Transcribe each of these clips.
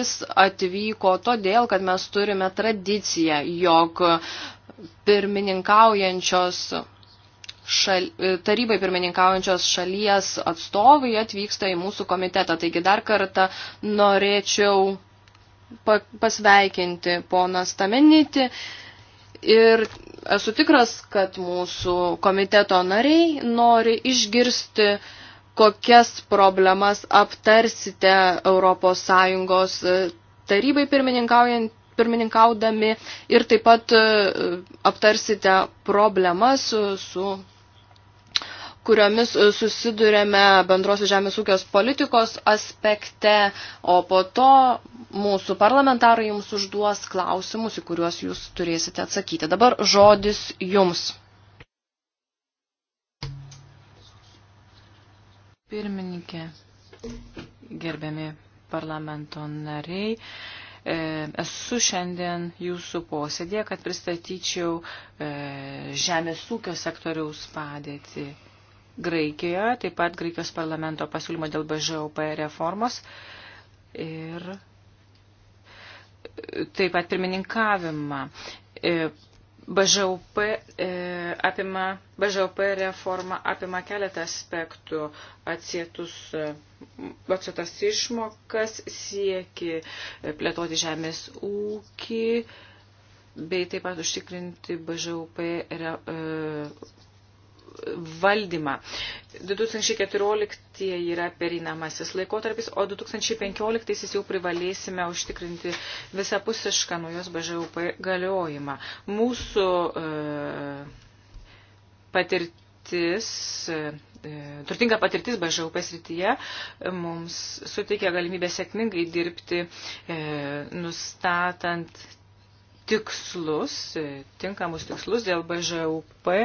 Jis atvyko todėl, kad mes turime tradiciją, jog pirmininkaujančios šal, tarybai pirmininkaujančios šalies atstovai atvyksta į mūsų komitetą. Taigi dar kartą norėčiau pasveikinti poną Stamenitį ir esu tikras, kad mūsų komiteto nariai nori išgirsti uh, kokias problemas aptarsite ES e, tarybai pirmininkaujant pirmininkaudami ir taip pat e, aptarsite problemas, su kuriomis e, susidurėme bendrosios žemės ūkios politikos aspekte, o po to mūsų parlamentarai jums užduos klausimus, į kuriuos jūs turėsite atsakyti. Dabar žodis jums. Pirmininkė, gerbiami parlamento nariai, e, esu šiandien jūsų posėdėje, kad pristatyčiau e, žemės ūkio sektoriaus padėtį Graikijoje, taip pat Graikijos parlamento pasiūlymo dėl BŽOP reformos ir e, taip pat pirmininkavimą. BŽUP, e, apima, BŽUP reforma apima keletą aspektų atsietus, e, atsietas išmokas, sieki e, plėtoti žemės ūkį bei taip pat užtikrinti BŽUP re, e, valdymą. 2014 yra pereinamasis laikotarpis, o 2015 jau privalėsime užtikrinti visapusišką naujos BŽUP galiojimą. Mūsų e, patirtis, e, turtinga patirtis BŽUP srityje e, mums suteikia galimybę sėkmingai dirbti, nustatant tikslus, e, tinkamus tikslus dėl BŽUP e,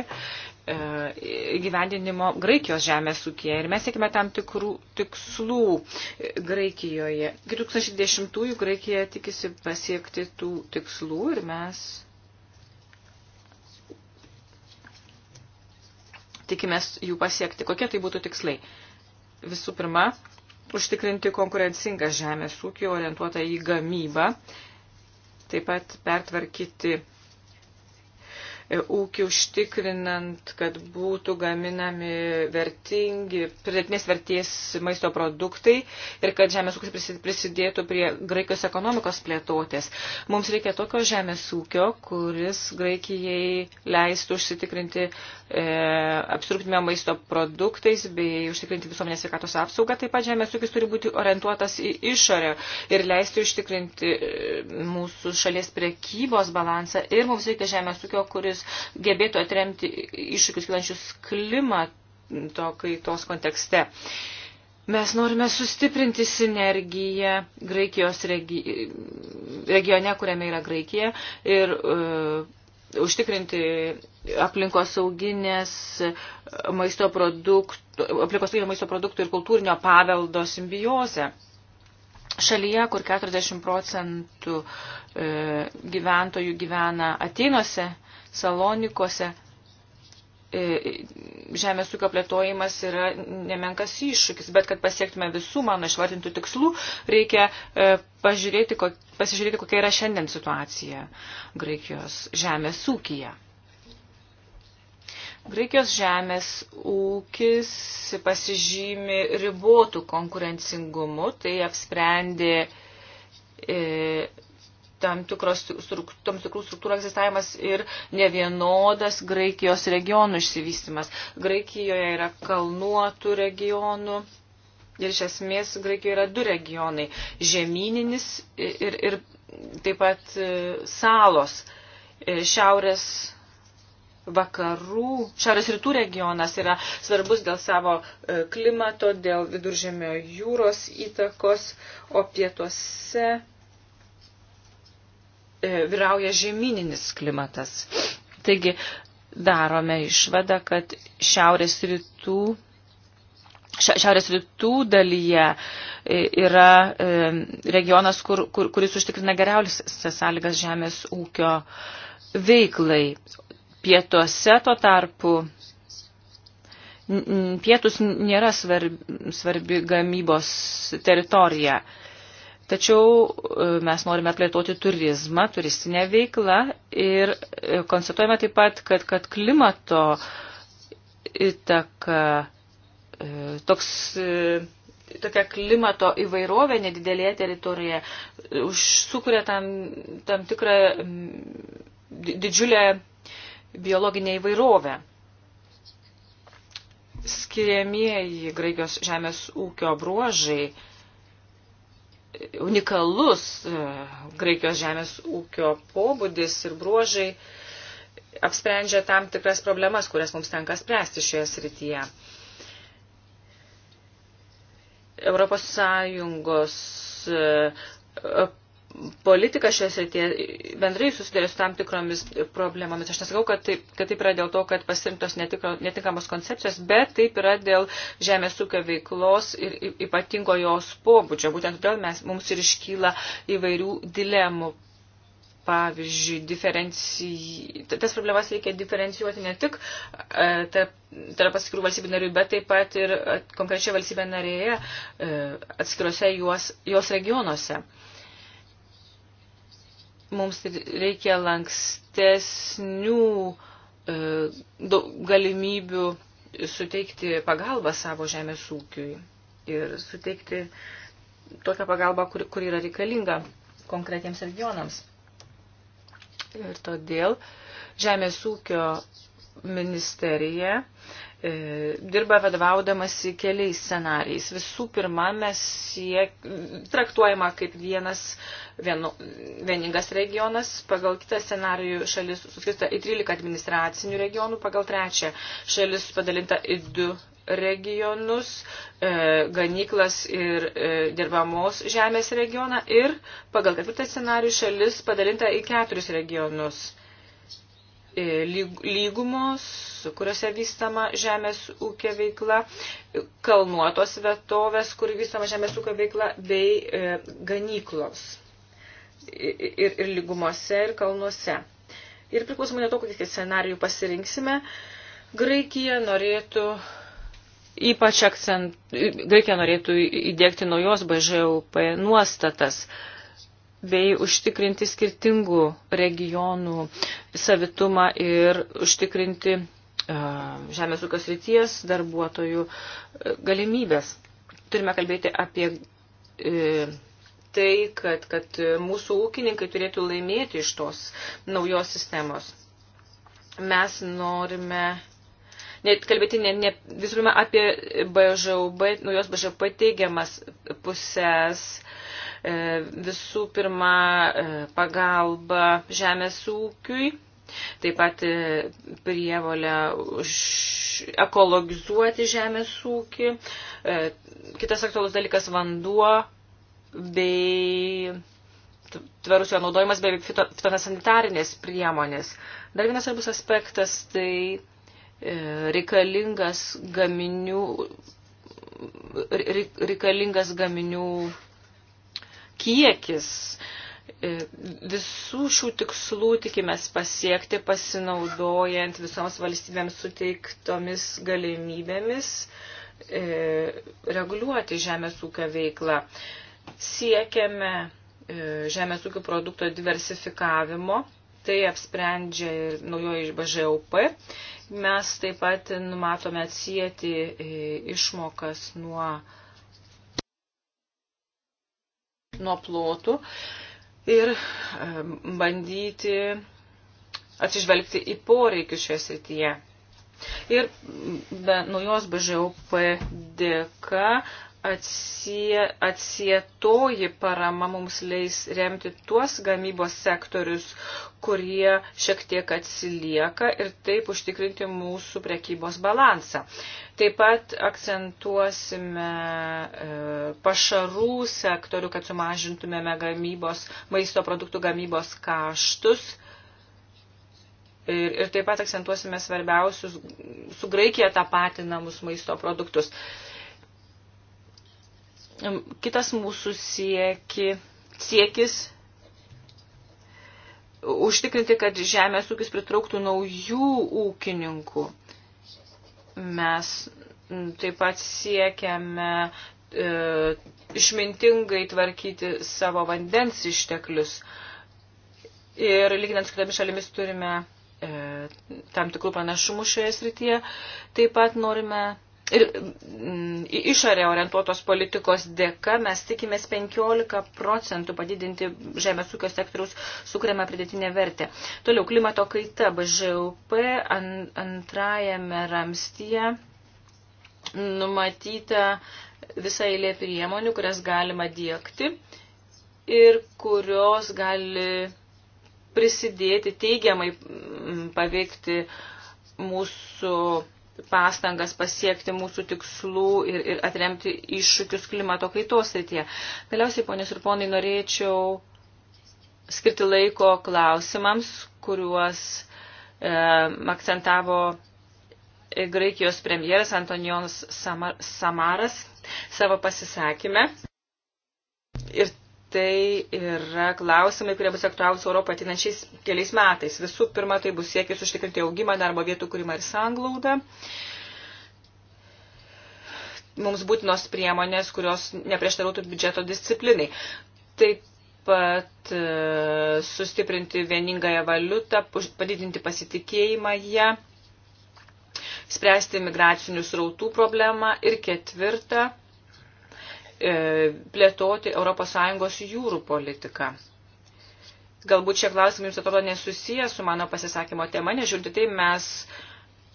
gyvendinimo Graikijos žemės ūkėje. Ir mes siekime tam tikrų tikslų e, Graikijoje. 2010-ųjų Graikija tikisi pasiekti tų tikslų ir mes tikimės jų pasiekti. Kokie tai būtų tikslai? Visų pirma, užtikrinti konkurencingą žemės ūkį orientuotą į gamybą taip pat pertvarkyti E, ūkių užtikrinant, kad būtų gaminami vertingi, pridėtinės vertės maisto produktai ir kad žemės ūkis prisidėtų prie Graikijos ekonomikos plėtotės. Mums reikia tokio žemės ūkio, kuris Graikijai leistų užsitikrinti e, apsirūpinimą maisto produktais bei užtikrinti visuomenės sveikatos apsaugą. Taip pat žemės ūkis turi būti orientuotas į išorę ir leisti užtikrinti e, mūsų šalies prekybos balansą ir mums reikia žemės ūkio, kuris kuris gebėtų atremti iššūkius kilančius klimato kaitos kontekste. Mes norime sustiprinti sinergiją Graikijos regi regione, kuriame yra Graikija, ir uh, užtikrinti aplinkosauginės maisto produktų, aplinkosauginio maisto produktų ir kultūrinio paveldo simbiozę. Šalyje, kur 40 procentų e, gyventojų gyvena Atenose, Salonikose e, žemės ūkio plėtojimas yra nemenkas iššūkis, bet kad pasiektume visų mano išvardintų tikslų, reikia e, pažiūrėti, pasižiūrėti, kokia yra šiandien situacija Graikijos žemės ūkija. Graikijos žemės ūkis pasižymi ribotų konkurencingumu, tai apsprendė e, tam, tikros, tam tikrų struktūrų egzistavimas ir nevienodas Graikijos regionų išsivystimas. Graikijoje yra kalnuotų regionų. Ir iš esmės Graikijoje yra du regionai - žemyninis ir, ir taip pat e, salos. E, šiaurės vakarų, šiaurės rytų regionas yra svarbus dėl savo e, klimato, dėl viduržėmio jūros įtakos, o pietuose E, vyrauja žemyninis klimatas. Taigi darome išvadą, kad šiaurės rytų, šiaurės rytų dalyje e, yra e, regionas, kur, kur, kuris užtikrina geriausias sąlygas žemės ūkio veiklai. Pietuose tuo tarpu pietus nėra svarbi, svarbi gamybos teritorija. Tačiau e, mes norime plėtoti turizmą, turistinę veiklą ir e, konstatuojame taip pat, kad, kad klimato įtaka, e, toks, tokia klimato įvairovė nedidelėje teritorijoje sukuria tam, tam tikrą didžiulę biologinę įvairovę skiriamieji Graikijos žemės ūkio bruožai unikalus e, Graikijos žemės ūkio pobūdis ir bruožai apsprendžia tam tikras problemas, kurias mums tenka spręsti šioje srityje. Europos Sąjungos e, politika šioje srityje bendrai susidarė su tam tikromis problemomis. Aš nesakau, kad taip, kad taip yra dėl to, kad pasirinktos netikro, netinkamos koncepcijos, bet taip yra dėl žemės ūkio veiklos ir ypatingo jos pobūdžio. Būtent todėl mes, mums ir iškyla įvairių dilemų. Pavyzdžiui, diferencij... tas problemas reikia diferencijuoti ne tik e, tarp, tarp atskirų valstybių narių, bet taip pat ir e, konkrečioje valstybė narėje e, atskiruose juos, jos regionuose. E, Mums reikia lankstesnių e, galimybių suteikti pagalbą savo žemės ūkiui ir suteikti tokią pagalbą, kur, kur yra reikalinga konkretiems regionams. Ir todėl Žemės ūkio ministerija E, dirba vadovaudamasi keliais scenarijais. Visų pirma, mes jie traktuojama kaip vienas vienu, vieningas regionas, pagal kitą scenarijų šalis suskirsta į 13 administracinių regionų, pagal trečią šalis padalinta į 2 regionus, e, ganyklas ir e, dirbamos žemės regioną ir pagal ketvirtą scenarijų šalis padalinta į keturis regionus. E, lygumos, kuriuose vystama žemės ūkio veikla, kalnuotos vietovės, kur vystama žemės ūkio veikla, bei e, ganyklos ir, ir lygumose, ir kalnuose. Ir priklausomai nuo to, kokį scenarijų pasirinksime, Graikija norėtų ypač akcent, Graikija norėtų įdėkti naujos BŽUP nuostatas. E, bei užtikrinti skirtingų regionų savitumą ir užtikrinti e, žemės ūkio srities darbuotojų e, galimybės. Turime kalbėti apie e, tai, kad, kad mūsų ūkininkai turėtų laimėti iš tos naujos sistemos. Mes norime net kalbėti ne, ne, visų pirma apie BŽUB, naujos BŽP teigiamas pusės, e, visų pirma e, pagalba žemės ūkiui, taip pat e, prievolę už ekologizuoti žemės ūkį, kitas aktualus dalykas vanduo bei tvarus jo naudojimas bei fitosanitarinės priemonės. Dar vienas svarbus aspektas tai E, reikalingas gaminių, reikalingas gaminių kiekis. E, visų šių tikslų tikimės pasiekti pasinaudojant visoms valstybėms suteiktomis galimybėmis e, reguliuoti žemės ūkio veiklą. Siekiame e, žemės ūkio produkto diversifikavimo Tai apsprendžia ir naujoji BŽUP. Mes taip pat numatome atsijėti e, išmokas nuo, nuo plotų ir e, bandyti atsižvelgti į poreikius šioje srityje. Ir be naujos BŽUP dėka atsie, atsietoji parama mums leis remti tuos gamybos sektorius, kurie šiek tiek atsilieka ir taip užtikrinti mūsų prekybos balansą. Taip pat akcentuosime e, pašarų sektorių, kad sumažintumėme gamybos, maisto produktų gamybos kaštus. Ir, ir taip pat akcentuosime svarbiausius su Graikija tapatinamus maisto produktus. Uh, Kitas mūsų sieki, siekis užtikrinti, kad žemės ūkis pritrauktų naujų ūkininkų. Mes taip pat siekiame e, išmintingai tvarkyti savo vandens išteklius. Ir lyginant su kitomis šalimis turime e, tam tikrų panašumų šioje srityje. Taip pat norime ir mm, į išorę orientuotos politikos dėka mes tikimės 15 procentų padidinti žemės ūkio sektoriaus sukuriamą pridėtinę vertę. Toliau klimato kaita BŽUP antrajame ramstyje numatyta visa eilė priemonių, kurias galima dėkti ir kurios gali prisidėti teigiamai mm, paveikti mūsų pastangas pasiekti mūsų tikslų ir, ir atremti iššūkius klimato kaitos srityje. Galiausiai, ponės ir ponai, norėčiau skirti laiko klausimams, kuriuos e, akcentavo Graikijos premjeras Antonijos Samaras savo pasisakymę. Ir tai yra klausimai, kurie bus aktualūs Europą ateinančiais keliais metais. Visų pirma, tai bus siekis užtikrinti augimą, darbo vietų kūrimą ir sanglaudą. Mums būtinos priemonės, kurios neprieštarautų biudžeto disciplinai. Taip pat e, sustiprinti vieningąją valiutą, padidinti pasitikėjimą ją, spręsti migracinių srautų problemą ir ketvirtą E, plėtoti ES jūrų politiką. Galbūt šie klausimai jums atrodo nesusiję su mano pasisakymo tema, nežiūrint tai mes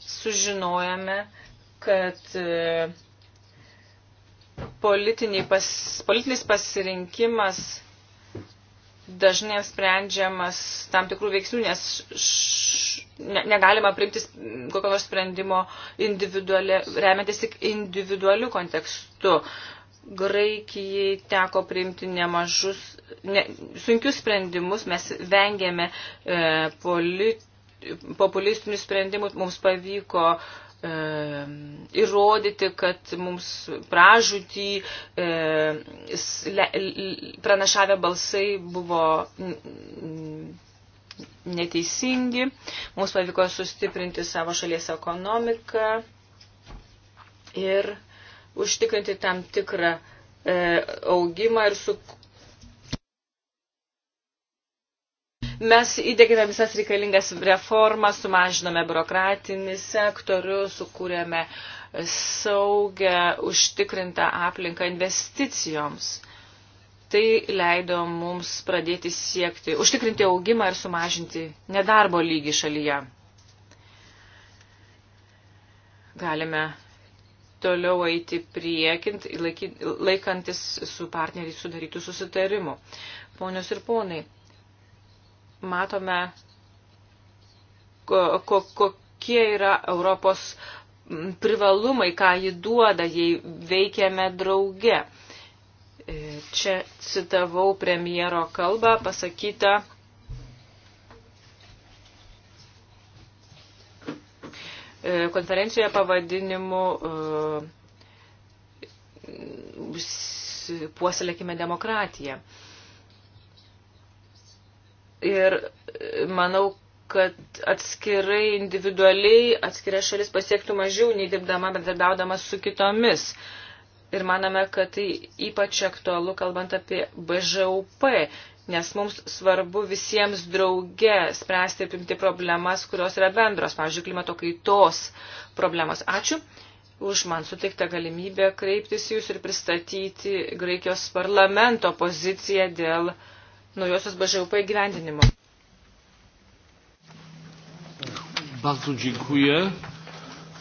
sužinojame, kad e, pas, politinis pasirinkimas dažnai sprendžiamas tam tikrų veiksnių, nes š, ne, negalima priimti kokio nors sprendimo remiantis tik individualiu kontekstu. Graikijai teko priimti nemažus, ne, sunkius sprendimus, mes vengėme e, polit, populistinių sprendimų, mums pavyko e, įrodyti, kad mums pražūtį e, le, pranašavę balsai buvo neteisingi, mums pavyko sustiprinti savo šalies ekonomiką ir užtikrinti tam tikrą e, augimą ir su. Mes įdėgėme visas reikalingas reformas, sumažinome biurokratinį sektorių, sukūrėme saugę, užtikrintą aplinką investicijoms. Tai leido mums pradėti siekti, užtikrinti augimą ir sumažinti nedarbo lygį šalyje. Galime toliau eiti priekint, laikantis su partneriai sudarytų susitarimų. Ponios ir ponai, matome, ko, kokie yra Europos privalumai, ką ji duoda, jei veikiame drauge. E, čia citavau premjero kalbą pasakytą E, konferencijoje pavadinimu e, puoselėkime demokratiją. Ir e, manau, kad atskirai, individualiai atskiria šalis pasiektų mažiau, nei dirbdama, bendradarbiaudama su kitomis. Ir maname, kad tai ypač aktualu, kalbant apie BŽUP nes mums svarbu visiems drauge spręsti ir primti problemas, kurios yra bendros, pavyzdžiui, klimato kaitos problemos. Ačiū už man suteiktą galimybę kreiptis jūs ir pristatyti Graikijos parlamento poziciją dėl naujosios BŽUP įgyvendinimo. Bardzo dziękuję.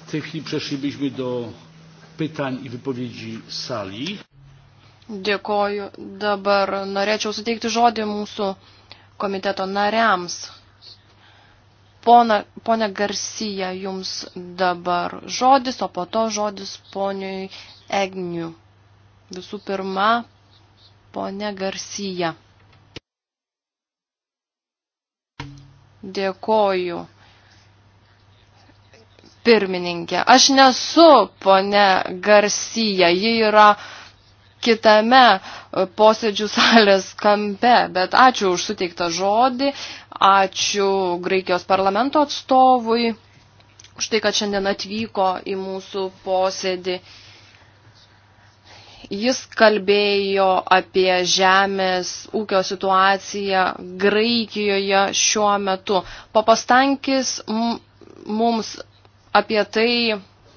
W tej chwili przeszlibyśmy do pytań i wypowiedzi sali. Dėkoju. Dabar norėčiau suteikti žodį mūsų komiteto nariams. Pona, ponia Garcija, jums dabar žodis, o po to žodis poniui Egniu. Visų pirma, ponia Garcija. Dėkoju. Pirmininkė, aš nesu ponia Garcija, ji yra uh, kitame e, posėdžių salės kampe. Bet ačiū už suteiktą žodį, ačiū Graikijos parlamento atstovui už tai, kad šiandien atvyko į mūsų posėdį. Jis kalbėjo apie žemės ūkio situaciją Graikijoje šiuo metu. Papastankis mums apie tai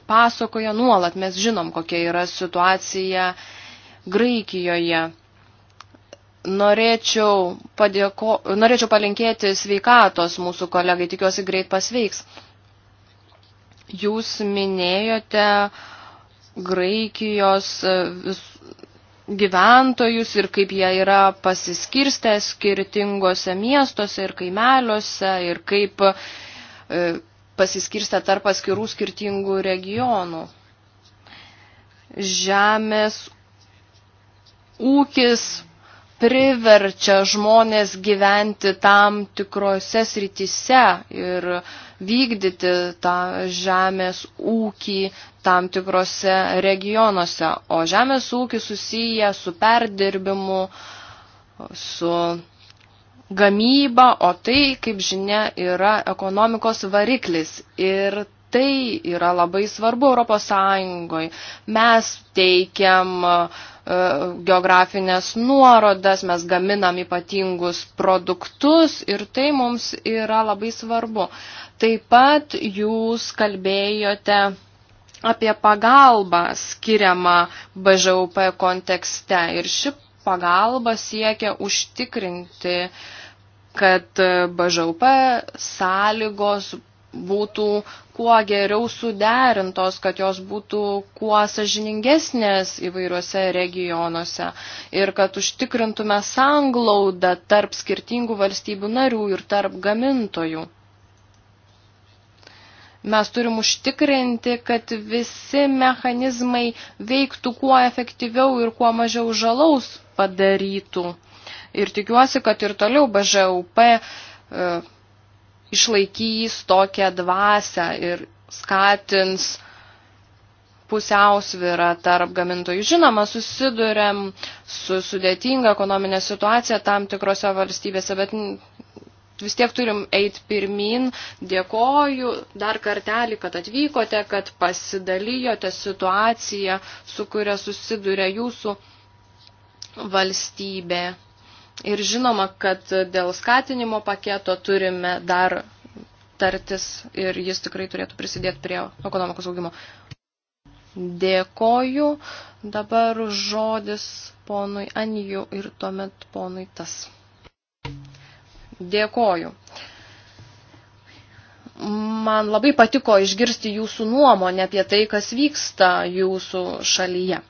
pasakoja nuolat. Mes žinom, kokia yra situacija uh, Graikijoje. Norėčiau, padėko, norėčiau palinkėti sveikatos mūsų kolegai, tikiuosi greit pasveiks. Jūs minėjote Graikijos e, gyventojus ir kaip jie yra pasiskirstę skirtingose miestuose ir kaimeliuose ir kaip e, pasiskirstę tarp atskirų skirtingų regionų. Žemės ūkis priverčia žmonės gyventi tam tikrose srityse ir vykdyti tą žemės ūkį tam tikrose regionuose. O žemės ūkis susiję su perdirbimu, su gamyba, o tai, kaip žinia, yra ekonomikos variklis. Ir tai yra labai svarbu Europos Sąjungoje. Mes teikiam e, geografinės nuorodas, mes gaminam ypatingus produktus ir tai mums yra labai svarbu. Taip pat jūs kalbėjote apie pagalbą skiriamą BŽUP kontekste ir ši pagalba siekia užtikrinti, kad BŽUP sąlygos būtų kuo geriau suderintos, kad jos būtų kuo sažiningesnės įvairiuose regionuose ir kad užtikrintume sanglaudą tarp skirtingų valstybių narių ir tarp gamintojų. Mes turim užtikrinti, kad visi mechanizmai veiktų kuo efektyviau ir kuo mažiau žalaus padarytų. Ir tikiuosi, kad ir toliau BŽUP e, išlaikys tokią dvasę ir skatins pusiausvyrą tarp gamintojų. Žinoma, susidurėm su sudėtinga ekonominė situacija tam tikrose valstybėse, bet vis tiek turim eiti pirmin. Dėkoju dar kartelį, kad atvykote, kad pasidalijote situaciją, su kuria susiduria jūsų valstybė. Ir žinoma, kad dėl skatinimo paketo turime dar tartis ir jis tikrai turėtų prisidėti prie ekonomikos augimo. Dėkoju. Dabar žodis ponui Anijų ir tuomet ponui tas. Dėkoju. Man labai patiko išgirsti jūsų nuomonę apie tai, kas vyksta jūsų šalyje.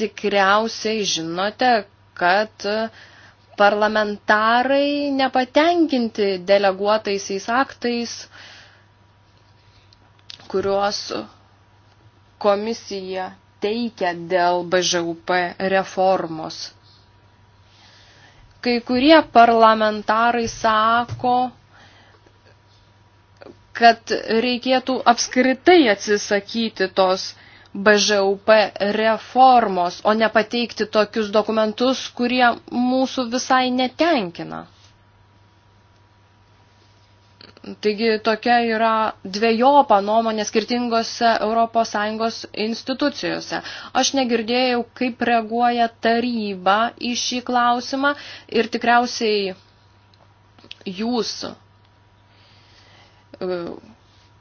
Tikriausiai žinote, kad parlamentarai nepatenkinti deleguotaisiais aktais, kuriuos komisija teikia dėl BŽUP reformos. Kai kurie parlamentarai sako, kad reikėtų apskritai atsisakyti tos BŽUP reformos, o ne pateikti tokius dokumentus, kurie mūsų visai netenkina. Taigi tokia yra dviejopa nuomonė skirtingose ES institucijose. Aš negirdėjau, kaip reaguoja taryba į šį klausimą ir tikriausiai jūs e,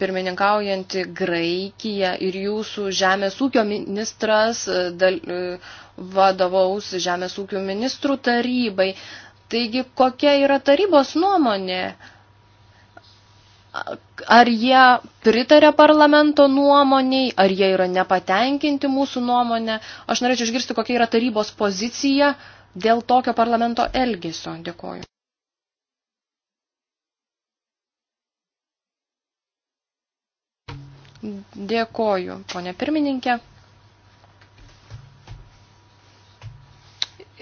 pirmininkaujanti Graikija ir jūsų žemės ūkio ministras e, dal, e, vadovaus žemės ūkio ministrų tarybai. Taigi, kokia yra tarybos nuomonė? Ar jie pritarė parlamento nuomoniai, ar jie yra nepatenkinti mūsų nuomonę? Aš norėčiau išgirsti, kokia yra tarybos pozicija dėl tokio parlamento elgesio. Dėkoju. Dėkoju, ponė pirmininkė.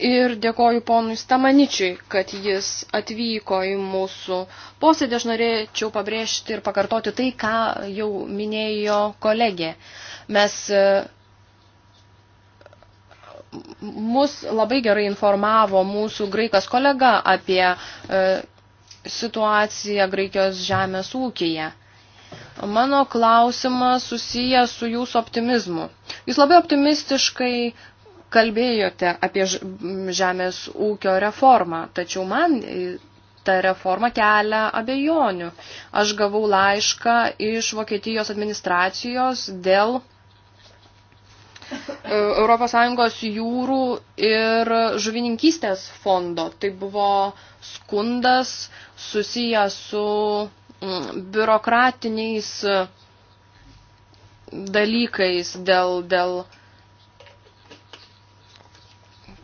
Ir dėkoju ponui Stamaničiui, kad jis atvyko į mūsų posėdį. Aš norėčiau pabrėžti ir pakartoti tai, ką jau minėjo kolegė. Mes e, mus labai gerai informavo mūsų graikas kolega apie e, situaciją Graikijos žemės ūkyje. Mano klausimas susijęs su jūsų optimizmu. Jūs labai optimistiškai kalbėjote apie žemės ūkio reformą, tačiau man ta reforma kelia abejonių. Aš gavau laišką iš Vokietijos administracijos dėl ES jūrų ir žuvininkystės fondo. Tai buvo skundas susijęs su Mm, biurokratiniais mm, dalykais, dėl, dėl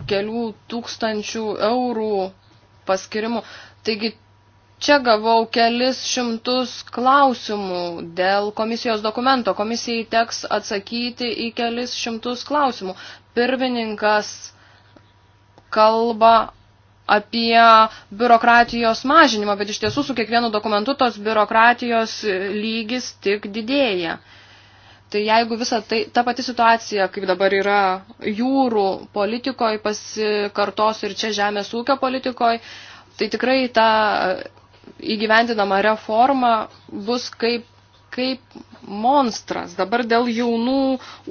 kelių tūkstančių eurų paskirimų. Taigi čia gavau kelis šimtus klausimų dėl komisijos dokumento. Komisijai teks atsakyti į kelis šimtus klausimų. Pirmininkas kalba apie biurokratijos mažinimą, bet iš tiesų su kiekvienu dokumentu tos biurokratijos lygis tik didėja. Tai jeigu visa tai, ta pati situacija, kaip dabar yra jūrų politikoje, pasikartos ir čia žemės ūkio politikoje, tai tikrai ta įgyvendinama reforma bus kaip, kaip monstras. Dabar dėl jaunų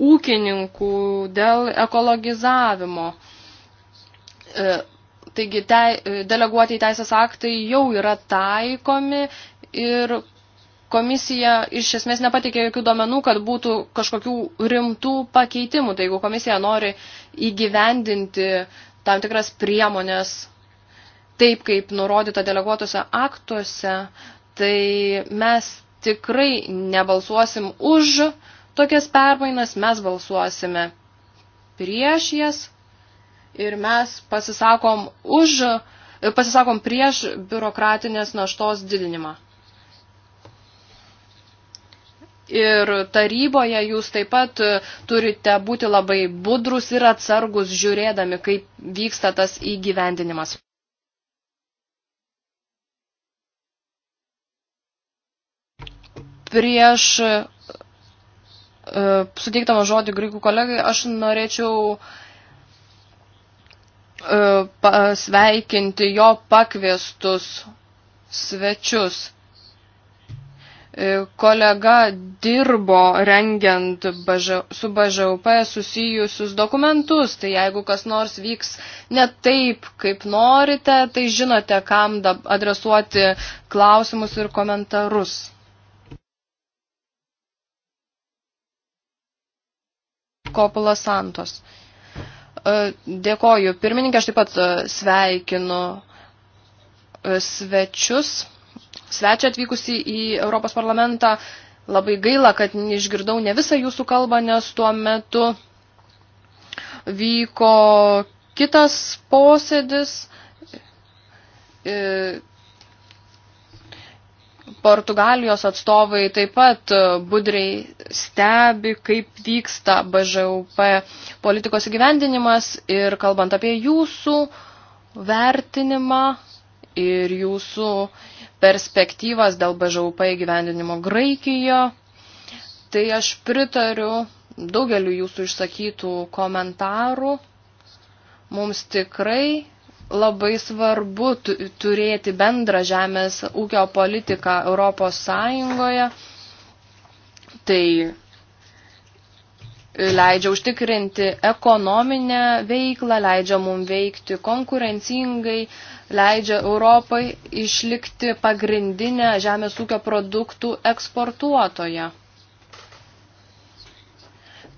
ūkininkų, dėl ekologizavimo. E, Taigi te, deleguoti į teisės aktai jau yra taikomi ir komisija iš esmės nepateikė jokių duomenų, kad būtų kažkokių rimtų pakeitimų. Tai jeigu komisija nori įgyvendinti tam tikras priemonės taip, kaip nurodyta deleguotose aktuose, tai mes tikrai nebalsuosim už tokias permainas, mes balsuosime prieš jas ir mes pasisakom, už, pasisakom prieš biurokratinės naštos didinimą. Ir taryboje jūs taip pat turite būti labai budrus ir atsargus žiūrėdami, kaip vyksta tas įgyvendinimas. Prieš uh, e, suteiktamą žodį greikų kolegai aš norėčiau uh, E, pasveikinti jo pakviestus svečius. E, kolega dirbo rengiant baža, su BŽUP susijusius dokumentus, tai jeigu kas nors vyks ne taip, kaip norite, tai žinote, kam adresuoti klausimus ir komentarus. Kopulas Santos. E, dėkoju. Pirmininkė, aš taip pat e, sveikinu e, svečius, svečią atvykusi į Europos parlamentą. Labai gaila, kad išgirdau ne visą jūsų kalbą, nes tuo metu vyko kitas posėdis. E, Portugalijos atstovai taip pat e, budriai stebi, kaip vyksta BŽUP politikos įgyvendinimas ir kalbant apie jūsų vertinimą ir jūsų perspektyvas dėl BŽUP įgyvendinimo Graikijoje, tai aš pritariu daugeliu jūsų išsakytų komentarų. Mums tikrai labai svarbu turėti bendrą žemės ūkio politiką Europos Sąjungoje. Tai leidžia užtikrinti ekonominę veiklą, leidžia mum veikti konkurencingai, leidžia Europai išlikti pagrindinę žemės ūkio produktų eksportuotoje.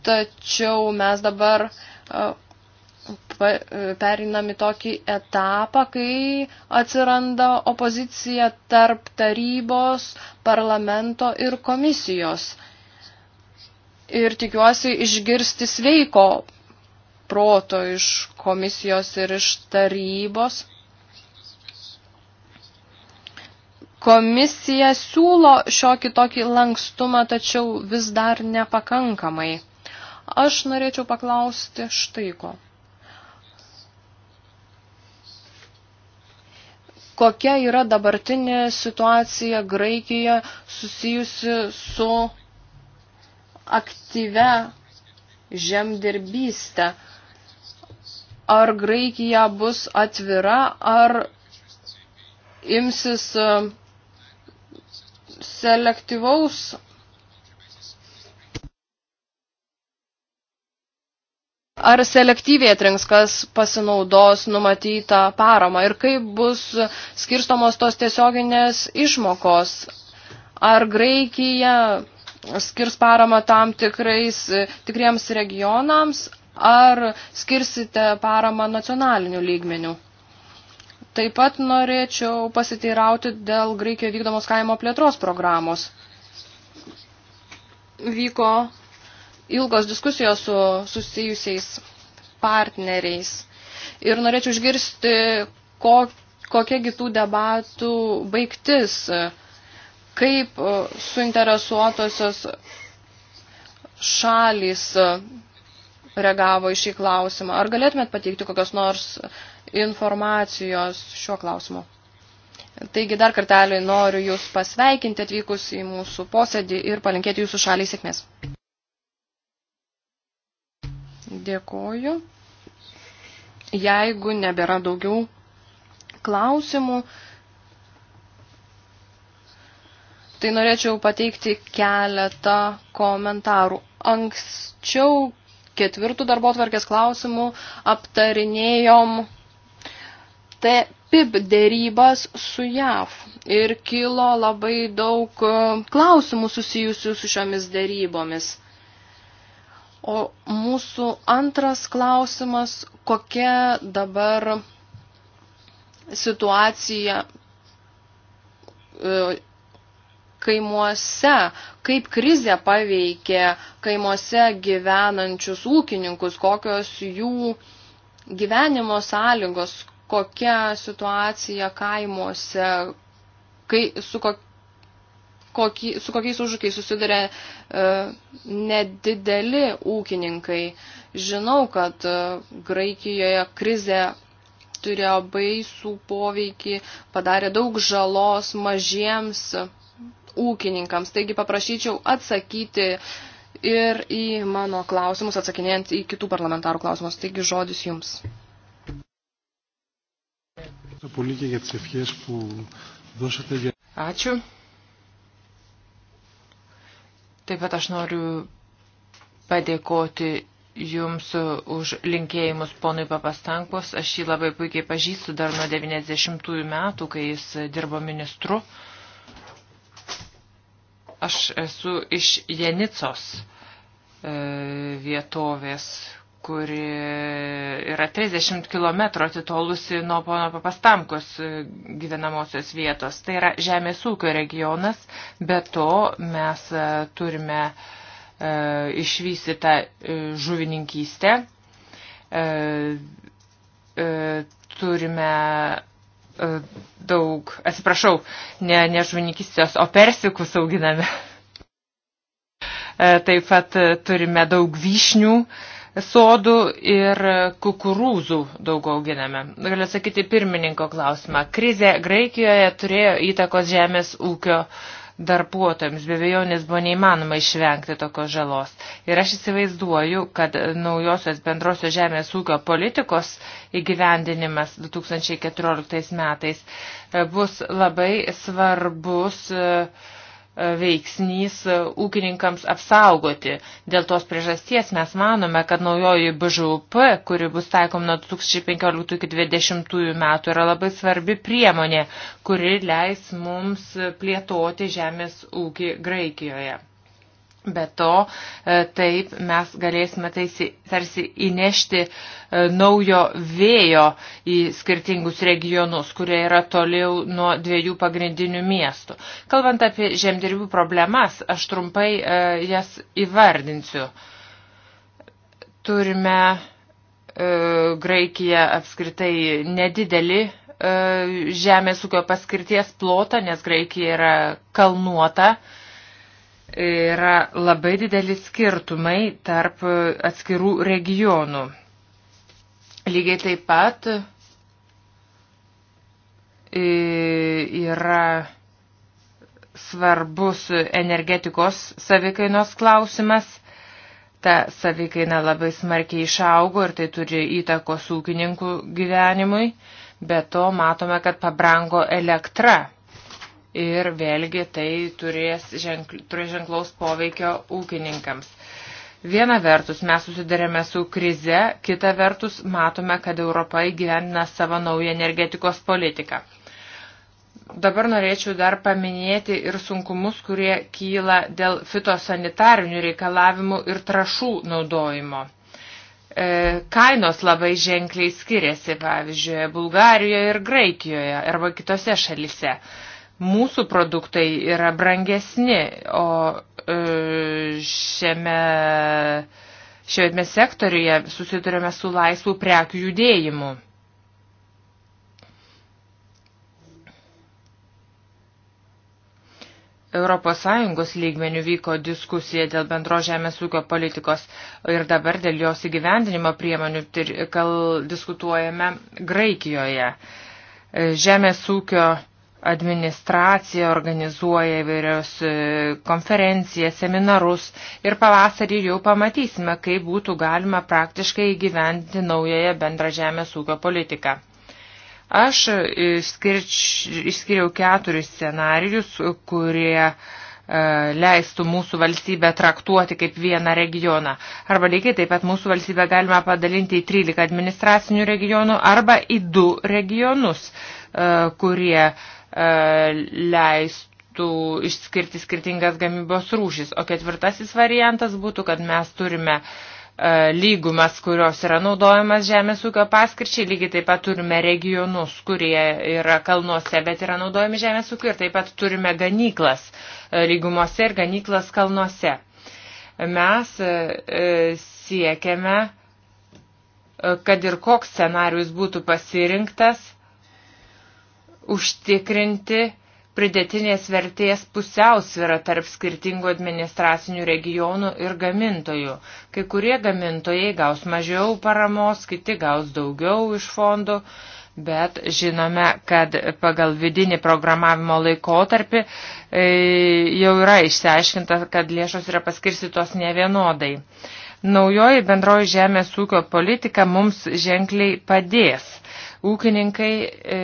Tačiau mes dabar perinam į tokį etapą, kai atsiranda opozicija tarp tarybos, parlamento ir komisijos. Ir tikiuosi išgirsti sveiko proto iš komisijos ir iš tarybos. Komisija siūlo šiokį tokį lankstumą, tačiau vis dar nepakankamai. Aš norėčiau paklausti štai ko. kokia yra dabartinė situacija Graikijoje susijusi su aktyve žemdirbystė. Ar Graikija bus atvira, ar imsis e, selektyvaus Ar selektyviai atrinks, kas pasinaudos numatytą paramą ir kaip bus skirstomos tos tiesioginės išmokos? Ar Graikija skirs paramą tam tikrais, tikriems regionams, ar skirsite paramą nacionaliniu lygmeniu? Taip pat norėčiau pasiteirauti dėl Graikijoje vykdomos kaimo plėtros programos. Vyko ilgos diskusijos su susijusiais partneriais. Ir norėčiau išgirsti, ko, kokiagi tų debatų baigtis, kaip e, suinteresuotosios šalys e, reagavo į šį klausimą. Ar galėtumėt pateikti kokios nors informacijos šiuo klausimu? Taigi dar kartelį noriu Jūs pasveikinti atvykus į mūsų posėdį ir palinkėti Jūsų šaliai sėkmės. Dėkoju. Jeigu nebėra daugiau klausimų, tai norėčiau pateikti keletą komentarų. Anksčiau ketvirtų darbo tvarkės klausimų aptarinėjom TPIP dėrybas su JAV ir kilo labai daug e, klausimų susijusių su šiomis dėrybomis. O mūsų antras klausimas, kokia dabar situacija e, kaimuose, kaip krizė paveikė kaimuose gyvenančius ūkininkus, kokios jų gyvenimo sąlygos, kokia situacija kaimuose, kai, su, kok, kokį, su kokiais užūkiais susiduria e, nedideli ūkininkai. Žinau, kad e, Graikijoje krizė turėjo baisų poveikį, padarė daug žalos mažiems ūkininkams. Taigi paprašyčiau atsakyti ir į mano klausimus, atsakinėjant į kitų parlamentarų klausimus. Taigi žodis jums. Ačiū. Taip pat aš noriu padėkoti Jums už linkėjimus ponui Papastankos. Aš jį labai puikiai pažįstu dar nuo 90-ųjų metų, kai jis dirbo ministru. Aš esu iš Jenicos e, vietovės, kuri yra 30 km atitolusi nuo pono Papastamkos e, gyvenamosios vietos. Tai yra žemės ūkio regionas, bet to mes e, turime e, išvystytą e, žuvininkystę, e, e, turime e, daug, atsiprašau, ne, ne žuvininkystės, o persikus auginame. E, taip pat e, turime daug vyšnių, e, sodų ir kukurūzų daug auginame. Galiu atsakyti pirmininko klausimą. Krizė Graikijoje turėjo įtakos žemės ūkio darbuotojams, be vėjonės buvo neįmanoma išvengti tokios žalos. Ir aš įsivaizduoju, kad naujosios bendrosios žemės ūkio politikos įgyvendinimas 2014 metais e, bus labai svarbus uh, veiksnys ūkininkams apsaugoti. Dėl tos priežasties mes manome, kad naujoji BŽUP, kuri bus taikom nuo 2015-2020 metų, yra labai svarbi priemonė, kuri leis mums plėtoti žemės ūkį Graikijoje. Be to, e, taip mes galėsime taisi, tarsi įnešti e, naujo vėjo į skirtingus regionus, kurie yra toliau nuo dviejų pagrindinių miestų. Kalbant apie žemdirbių problemas, aš trumpai e, jas įvardinsiu. Turime Graikiją apskritai nedidelį žemės ūkio paskirties plotą, nes Graikija yra kalnuota yra labai dideli skirtumai tarp atskirų regionų. Lygiai taip pat e, yra svarbus energetikos savikainos klausimas. Ta savikaina labai smarkiai išaugo ir tai turi įtakos ūkininkų gyvenimui. Be to matome, kad pabrango elektra ir vėlgi tai turės, ženkl, turės ženklaus poveikio ūkininkams. Viena vertus mes susidarėme su krize, kita vertus matome, kad Europa įgyvendina savo naują energetikos politiką. Dabar norėčiau dar paminėti ir sunkumus, kurie kyla dėl fitosanitarinių reikalavimų ir trašų naudojimo. E, kainos labai ženkliai skiriasi, pavyzdžiui, Bulgarijoje ir Graikijoje arba kitose šalise mūsų produktai yra brangesni, o e, šiame, šiame sektoriuje susidurime su laisvų prekių judėjimu. ES lygmenių vyko diskusija dėl bendro žemės ūkio politikos ir dabar dėl jos įgyvendinimo priemonių diskutuojame Graikijoje. E, žemės ūkio administracija organizuoja įvairios e, konferencijas, seminarus ir pavasarį jau pamatysime, kaip būtų galima praktiškai įgyventi naująją bendrą žemės ūkio politiką. Aš išskiriau keturis scenarius, kurie e, leistų mūsų valstybę traktuoti kaip vieną regioną. Arba lygiai taip pat mūsų valstybę galima padalinti į 13 administracinių regionų arba į du regionus, e, kurie uh, E, leistų išskirti skirtingas gamybos rūšis. O ketvirtasis variantas būtų, kad mes turime e, lygumas, kurios yra naudojamas žemės ūkio paskirčiai, lygiai taip pat turime regionus, kurie yra kalnuose, bet yra naudojami žemės ūkio ir taip pat turime ganyklas e, lygumose ir ganyklas kalnuose. Mes siekiame, kad ir koks scenarius būtų pasirinktas, užtikrinti pridėtinės vertės pusiausvyrą tarp skirtingų administracinių regionų ir gamintojų. Kai kurie gamintojai gaus mažiau paramos, kiti gaus daugiau iš fondų, bet žinome, kad pagal vidinį programavimo laikotarpį e, jau yra išsiaiškinta, kad lėšos yra paskirstytos nevienodai. Naujoji bendroji žemės ūkio politika mums ženkliai padės. Ūkininkai e,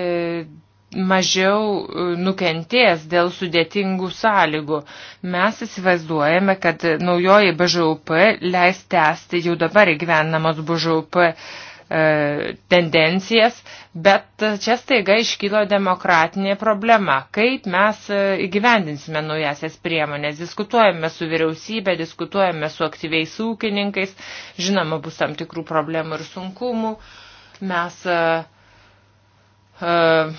mažiau e, nukentės dėl sudėtingų sąlygų. Mes įsivaizduojame, kad naujoji BŽUP leis tęsti jau dabar įgyvenamos BŽUP e, tendencijas, bet čia staiga iškylo demokratinė problema. Kaip mes e, įgyvendinsime naujasias priemonės? Diskutuojame su vyriausybė, diskutuojame su aktyviais ūkininkais, žinoma, bus tam tikrų problemų ir sunkumų. Mes uh, uh,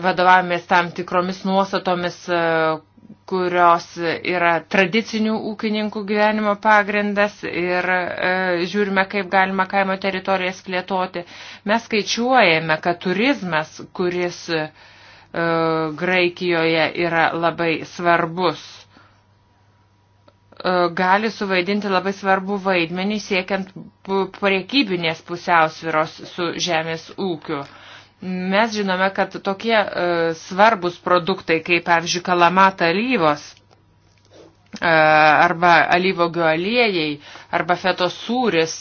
vadovavomės tam tikromis nuostatomis, e, kurios yra tradicinių ūkininkų gyvenimo pagrindas ir e, žiūrime, kaip galima kaimo teritorijas plėtoti. Mes skaičiuojame, kad turizmas, kuris e, Graikijoje yra labai svarbus, e, gali suvaidinti labai svarbu vaidmenį siekiant priekybinės pusiausviros su žemės ūkiu. E, Mes žinome, kad tokie e, svarbus produktai, kaip pavyzdžiui kalamata alyvos e, arba alyvogio aliejai arba fetos sūris,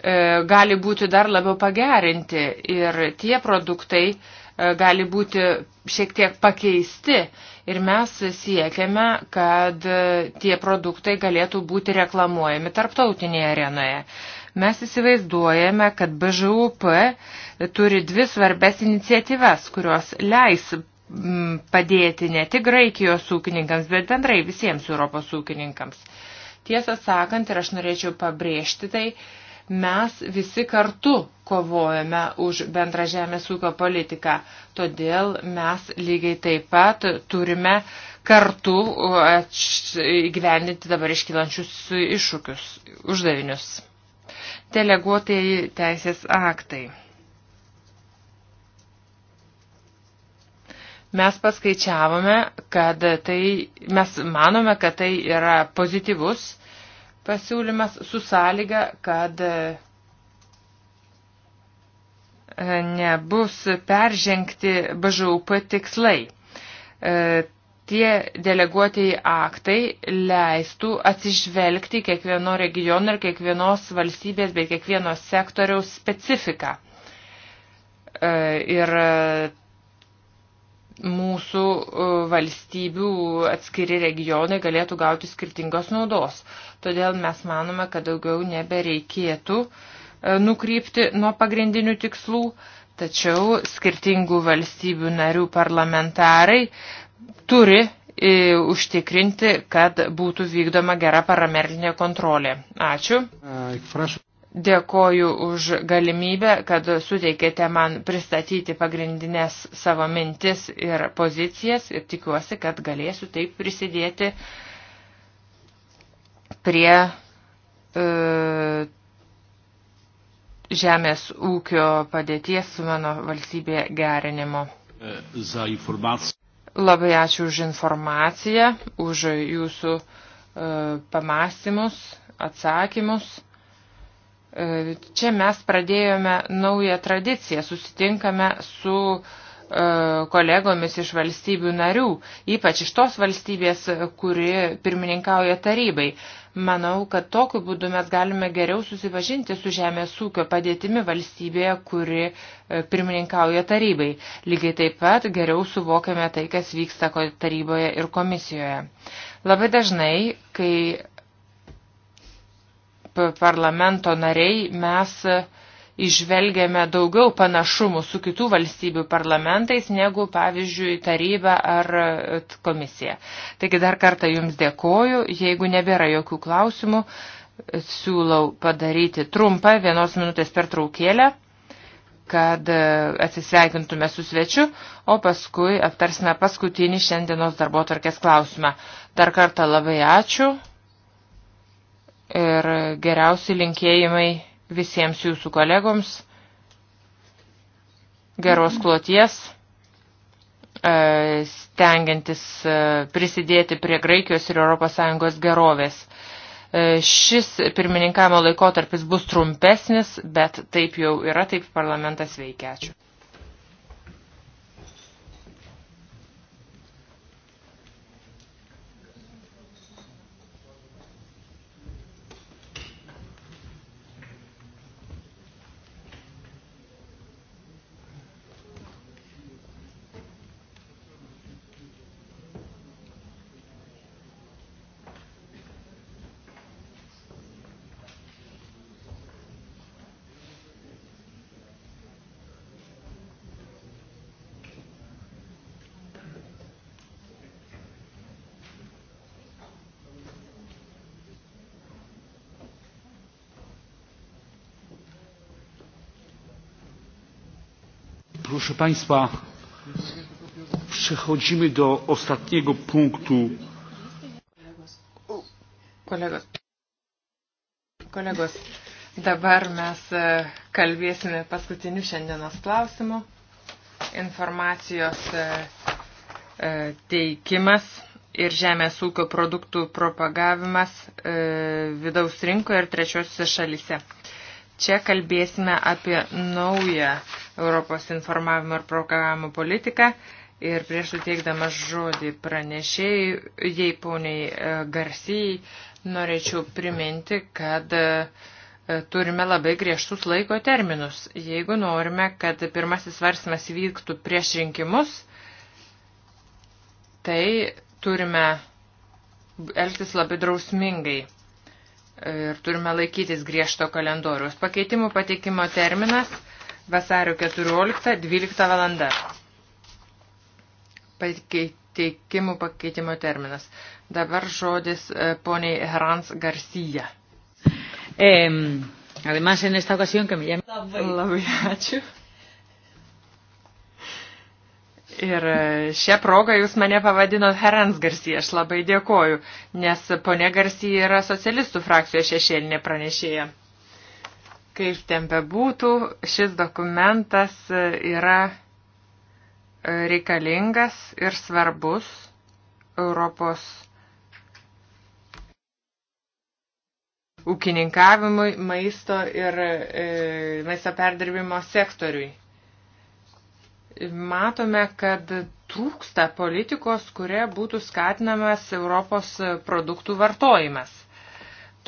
e, gali būti dar labiau pagerinti ir tie produktai e, gali būti šiek tiek pakeisti ir mes siekiame, kad e, tie produktai galėtų būti reklamuojami tarptautinėje arenoje. Mes įsivaizduojame, kad BŽUP turi dvi svarbes iniciatyvas, kurios leis mm, padėti ne tik Graikijos ūkininkams, bet bendrai visiems Europos ūkininkams. Tiesą sakant, ir aš norėčiau pabrėžti tai, mes visi kartu kovojame už bendrą žemės ūkio politiką. Todėl mes lygiai taip pat turime kartu įgyvendinti dabar iškylančius iššūkius, uždavinius deleguotai teisės aktai. Mes paskaičiavome, kad tai, mes manome, kad tai yra pozityvus pasiūlymas su sąlyga, kad e, nebus peržengti BŽUP tikslai e, tie deleguotieji aktai leistų atsižvelgti kiekvieno regiono ir kiekvienos valstybės bei kiekvieno sektoriaus specifiką. E, ir e, mūsų e, valstybių atskiri regionai galėtų gauti skirtingos naudos. Todėl mes manome, kad daugiau nebereikėtų nukrypti nuo pagrindinių tikslų, tačiau skirtingų valstybių narių parlamentarai turi e, užtikrinti, kad būtų vykdoma gera paramerlinė kontrolė. Ačiū. Dėkoju už galimybę, kad suteikėte man pristatyti pagrindinės savo mintis ir pozicijas ir tikiuosi, kad galėsiu taip prisidėti prie e, žemės ūkio padėties su mano valstybė gerinimo. E, za informaciją. Labai ačiū už informaciją, už jūsų e, pamastymus, atsakymus. E, čia mes pradėjome naują tradiciją, susitinkame su e, kolegomis iš valstybių narių, ypač iš tos valstybės, kuri pirmininkauja tarybai. Manau, kad tokiu būdu mes galime geriau susipažinti su žemės ūkio padėtimi valstybėje, kuri e, pirmininkauja tarybai. Lygiai taip pat geriau suvokiame tai, kas vyksta taryboje ir komisijoje. Labai dažnai, kai parlamento nariai mes uh, išvelgėme daugiau panašumų su kitų valstybių parlamentais negu, pavyzdžiui, taryba ar e, komisija. Taigi dar kartą Jums dėkoju. Jeigu nebėra jokių klausimų, e, siūlau padaryti trumpą vienos minutės per traukėlę kad e, atsisveikintume su svečiu, o paskui aptarsime paskutinį šiandienos darbo tvarkės klausimą. Dar kartą labai ačiū ir geriausi linkėjimai visiems jūsų kolegoms geros kloties, e, stengiantis e, prisidėti prie Graikijos ir ES gerovės. E, šis pirmininkavimo laikotarpis bus trumpesnis, bet taip jau yra, taip parlamentas veikia. Ačiū. proszę państwa przechodzimy do ostatniego punktu kolegos kolegos dabar mes e, kalbėsime paskutiniu šiandienos klausimu informacijos e, e, teikimas ir žemės ūkio produktų propagavimas vidaus rinkoje ir trečiosiuose šalyse. Čia kalbėsime apie naują Europos informavimo ir programavimo politiką. Ir prieš suteikdamas žodį pranešėjai, jei poniai e, garsiai, norėčiau priminti, kad e, turime labai griežtus laiko terminus. Jeigu norime, kad pirmasis svarstymas vyktų prieš rinkimus, tai turime elgtis labai drausmingai ir turime laikytis griežto kalendoriaus. Pakeitimų pateikimo terminas vasario 14-12 valanda. Pakeitimų pakeitimo terminas. Dabar žodis e, poniai Herans Garcia. Eh, además, en esta ocasión que me llame... Labai. Labai ačiū. Ir e, šią progą jūs mane pavadinot Herans Garcia, aš labai dėkoju, nes ponė Garcia yra socialistų frakcijos šešėlinė pranešėja. Kaip ten bebūtų, šis dokumentas e, yra e, reikalingas ir svarbus Europos ūkininkavimui, maisto ir e, maisto perdirbimo sektoriui. Matome, kad trūksta politikos, kuria būtų skatinamas Europos produktų vartojimas.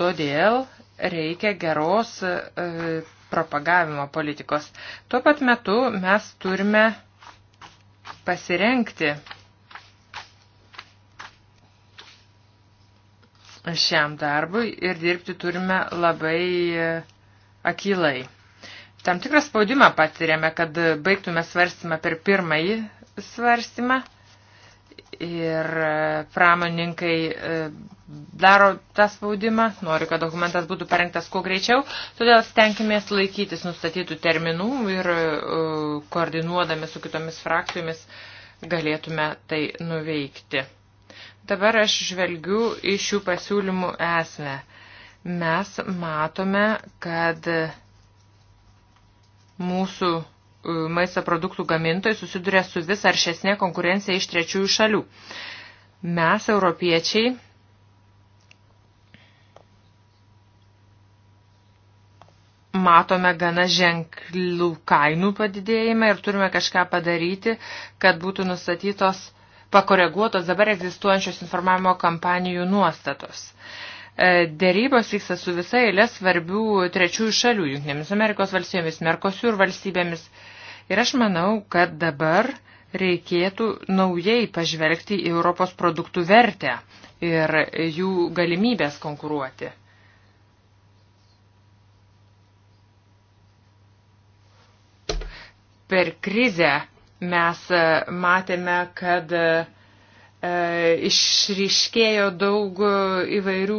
Todėl reikia geros e, propagavimo politikos. Tuo pat metu mes turime pasirenkti šiam darbui ir dirbti turime labai e, akilai. Tam tikrą spaudimą patiriame, kad baigtume svarstymą per pirmąjį svarstymą ir e, pramoninkai e, daro tą spaudimą, nori, kad dokumentas būtų parengtas kuo greičiau, todėl stenkimės laikytis nustatytų terminų ir e, koordinuodami su kitomis frakcijomis galėtume tai nuveikti. Dabar aš žvelgiu iš šių pasiūlymų esmę. Mes matome, kad mūsų E, maisto produktų gamintojai susiduria su vis aršesnė konkurencija iš trečiųjų šalių. Mes, europiečiai, matome gana ženklų kainų padidėjimą ir turime kažką padaryti, kad būtų nustatytos, pakoreguotos dabar egzistuojančios informavimo kampanijų nuostatos. Uh, E, dėrybos vyksta su visai eilė svarbių trečiųjų šalių, Junktinėmis Amerikos valstybėmis, Merkosiur valstybėmis. Ir aš manau, kad dabar reikėtų naujai pažvelgti į Europos produktų vertę ir jų galimybės konkuruoti. Per krizę mes matėme, kad uh, E, išryškėjo daug įvairių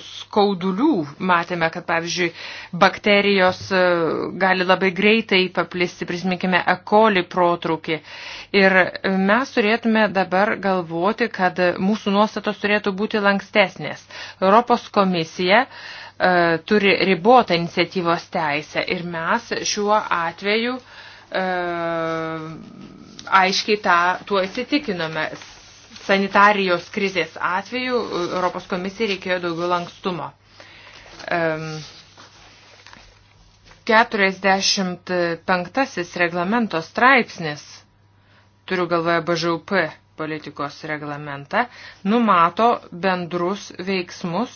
skaudulių. Matėme, kad, pavyzdžiui, bakterijos e, gali labai greitai paplisti, prisiminkime, ekoli protrukį. Ir mes turėtume dabar galvoti, kad mūsų nuostatos turėtų būti lankstesnės. Europos komisija e, turi ribotą iniciatyvos teisę ir mes šiuo atveju e, aiškiai tą, tuo įsitikinome sanitarijos krizės atveju Europos komisijai reikėjo daugiau lankstumo. 45 reglamento straipsnis, turiu galvoje BŽUP, politikos reglamentą numato bendrus veiksmus,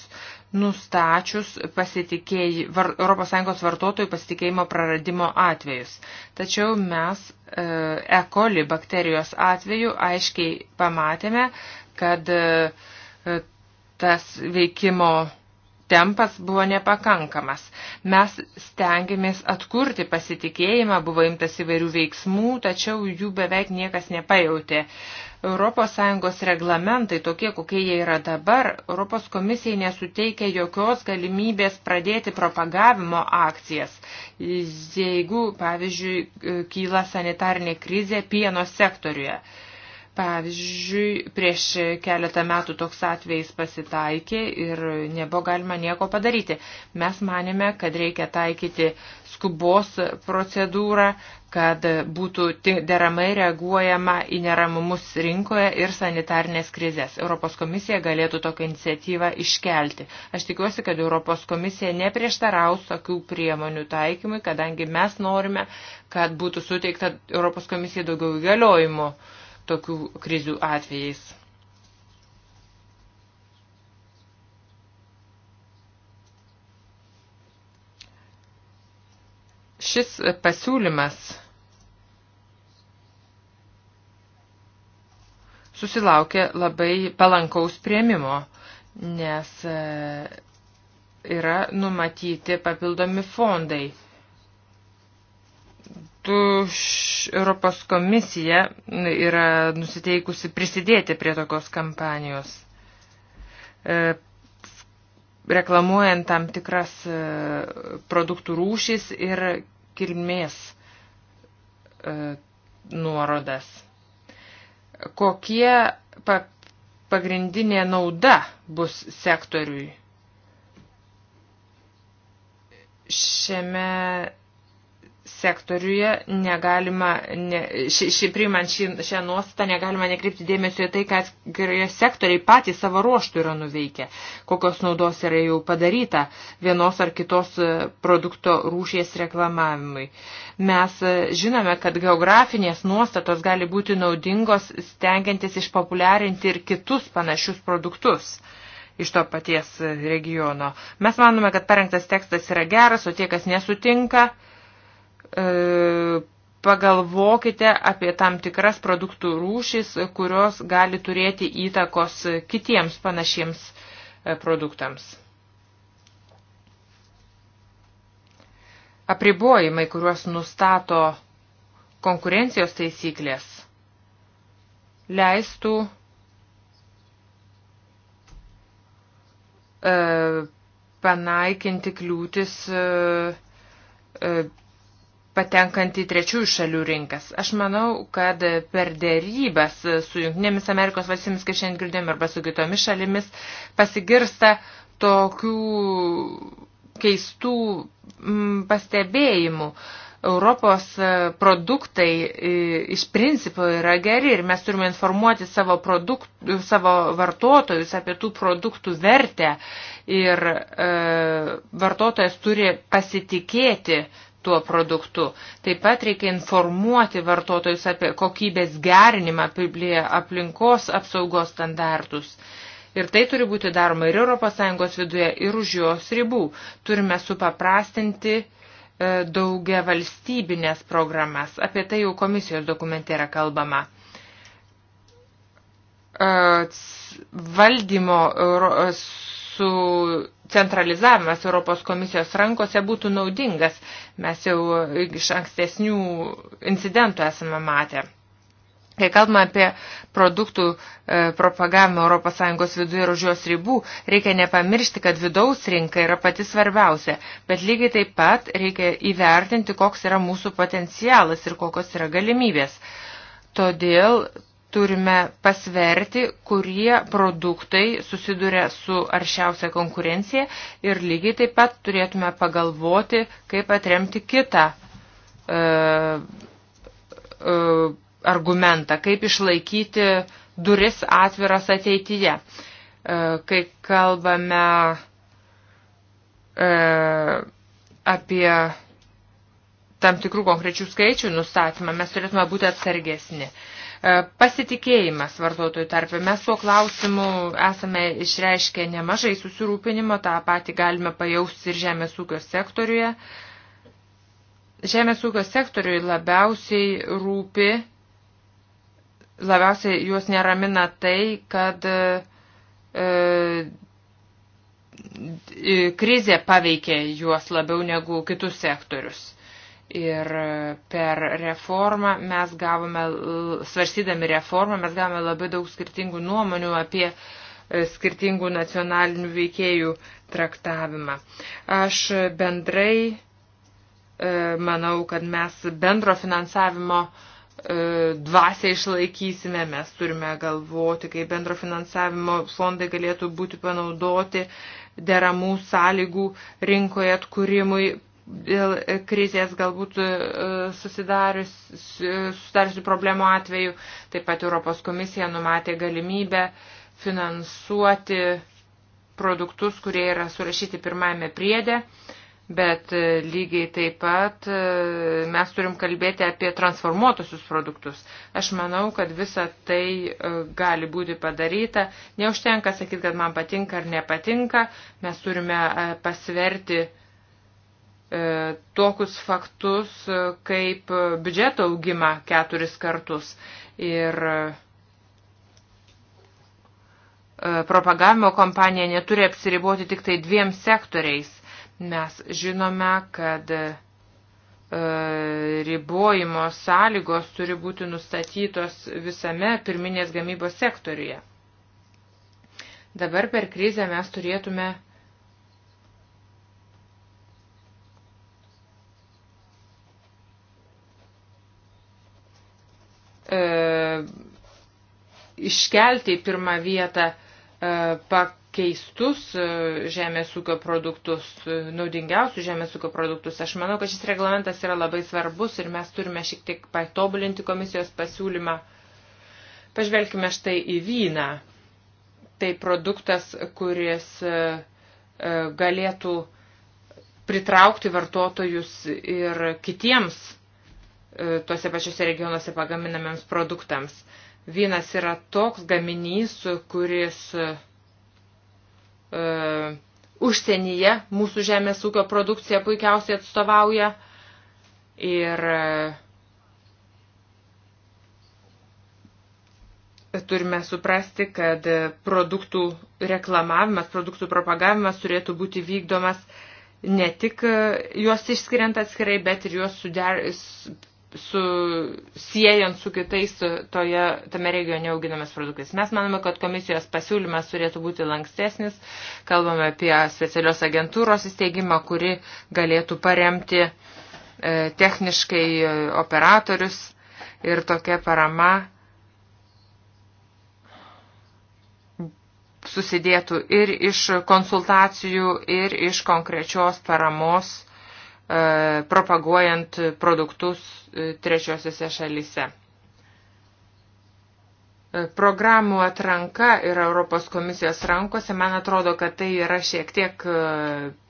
nustačius pasitikėj, var, ES vartotojų pasitikėjimo praradimo atvejus. Tačiau mes e, E. coli bakterijos atveju aiškiai pamatėme, kad e, tas veikimo tempas buvo nepakankamas. Mes stengiamės atkurti pasitikėjimą, buvo imtas įvairių veiksmų, tačiau jų beveik niekas nepajautė. ES reglamentai, tokie kokie jie yra dabar, ES komisijai nesuteikia jokios galimybės pradėti propagavimo akcijas, jeigu, pavyzdžiui, kyla sanitarnė krizė pieno sektoriuje. Pavyzdžiui, prieš keletą metų toks atvejis pasitaikė ir nebuvo galima nieko padaryti. Mes manėme, kad reikia taikyti skubos procedūrą, kad būtų deramai reaguojama į neramumus rinkoje ir sanitarnės krizės. Europos komisija galėtų tokią iniciatyvą iškelti. Aš tikiuosi, kad Europos komisija neprieštaraus tokių priemonių taikymui, kadangi mes norime, kad būtų suteikta Europos komisija daugiau įgaliojimų tokių krizių atvejais. Šis pasiūlymas susilaukė labai palankaus prieimimo, nes e, yra numatyti papildomi fondai kartu Europos komisija yra nusiteikusi prisidėti prie tokios kampanijos, e, reklamuojant tam tikras e, produktų rūšis ir kilmės e, nuorodas. Kokie pagrindinė nauda bus sektoriui? Šiame sektoriuje negalima, ne, ši, ši, priimant šį, šią nuostatą, negalima nekreipti dėmesio į tai, kad atskirioje sektoriai patys savo ruoštų yra nuveikę, kokios naudos yra jau padaryta vienos ar kitos e, produkto rūšies reklamavimui. Mes e, žinome, kad geografinės nuostatos gali būti naudingos, stengiantis išpopuliarinti ir kitus panašius produktus iš to paties e, regiono. Mes manome, kad parengtas tekstas yra geras, o tie, kas nesutinka, E, pagalvokite apie tam tikras produktų rūšis, kurios gali turėti įtakos kitiems panašiems e, produktams. Apribojimai, kuriuos nustato konkurencijos taisyklės, leistų e, panaikinti kliūtis patenkant į trečiųjų šalių rinkas. Aš manau, kad per dėrybas su Junktinėmis Amerikos valstybėmis, kaip šiandien girdėjome, arba su kitomis šalimis pasigirsta tokių keistų mm, pastebėjimų. Europos produktai e, iš principo yra geri ir mes turime informuoti savo, produkt, savo vartotojus apie tų produktų vertę ir e, vartotojas turi pasitikėti e, tuo produktu. Taip pat reikia informuoti vartotojus apie kokybės gerinimą, apie aplinkos apsaugos standartus. Ir tai turi būti daroma ir ES viduje, ir už jos ribų. Turime supaprastinti e, daugia valstybinės programas. Apie tai jau komisijos dokumente yra kalbama. E, valdymo e, su centralizavimas Europos komisijos rankose būtų naudingas. Mes jau iš ankstesnių incidentų esame matę. Kai kalbame apie produktų e, propagavimą ES viduje ir už jos ribų, reikia nepamiršti, kad vidaus rinka yra pati svarbiausia, bet lygiai taip pat reikia įvertinti, koks yra mūsų potencialas ir kokios yra galimybės. Todėl turime pasverti, kurie produktai susiduria su aršiausia konkurencija ir lygiai taip pat turėtume pagalvoti, kaip atremti kitą e, e, argumentą, kaip išlaikyti duris atviras ateityje. E, kai kalbame e, apie tam tikrų konkrečių skaičių nustatymą, mes turėtume būti atsargesni. E, E, pasitikėjimas vartotojų tarpio. Mes tuo klausimu esame išreiškę nemažai susirūpinimo, tą patį galime pajausti ir žemės ūkio sektoriuje. Žemės ūkio sektoriui labiausiai rūpi, labiausiai juos neramina tai, kad e, e krizė paveikė juos labiau negu kitus sektorius. Ir per reformą mes gavome, svarsydami reformą, mes gavome labai daug skirtingų nuomonių apie e, skirtingų nacionalinių veikėjų traktavimą. Aš bendrai e, manau, kad mes bendro finansavimo e, dvasę išlaikysime, mes turime galvoti, kaip bendro finansavimo fondai galėtų būti panaudoti deramų sąlygų rinkoje atkūrimui dėl krizės galbūt e, e, susidariusių problemų atveju. Taip pat Europos komisija numatė galimybę finansuoti produktus, kurie yra surašyti pirmajame priedė, bet e, lygiai taip pat mes turim kalbėti apie transformuotusius produktus. Aš manau, kad visa tai gali būti padaryta. Neužtenka sakyti, kad man patinka ar nepatinka. Mes turime pasverti E, tokius faktus e, kaip biudžeto augimą keturis kartus ir e, propagavimo kompanija neturi apsiriboti tik tai dviem sektoriais. Mes žinome, kad ribojimo sąlygos turi būti nustatytos visame pirminės gamybos sektoriuje. Dabar per krizę mes turėtume e, iškelti į pirmą vietą e, pakeistus e, žemės ūkio produktus, e, naudingiausius žemės ūkio produktus. Aš manau, kad šis reglamentas yra labai svarbus ir mes turime šiek tiek patobulinti komisijos pasiūlymą. Pažvelkime štai į vyną. Tai produktas, kuris e, e galėtų pritraukti vartotojus ir kitiems E, tose pačiose regionuose pagaminamiems produktams. Vynas yra toks gaminys, kuris uh, užsienyje mūsų žemės ūkio produkcija puikiausiai atstovauja ir e, turime suprasti, kad produktų reklamavimas, produktų propagavimas turėtų būti vykdomas ne tik juos išskiriant atskirai, bet ir juos suder, su, siejant su kitais toje, tame regione auginamas produktais. Mes manome, kad komisijos pasiūlymas turėtų būti lankstesnis. Kalbame apie specialios agentūros įsteigimą, kuri galėtų paremti e, techniškai e, operatorius ir tokia parama susidėtų ir iš konsultacijų, ir iš konkrečios paramos E, propaguojant produktus e, trečiosiose šalise. E, programų atranka yra Europos komisijos rankose. Man atrodo, kad tai yra šiek tiek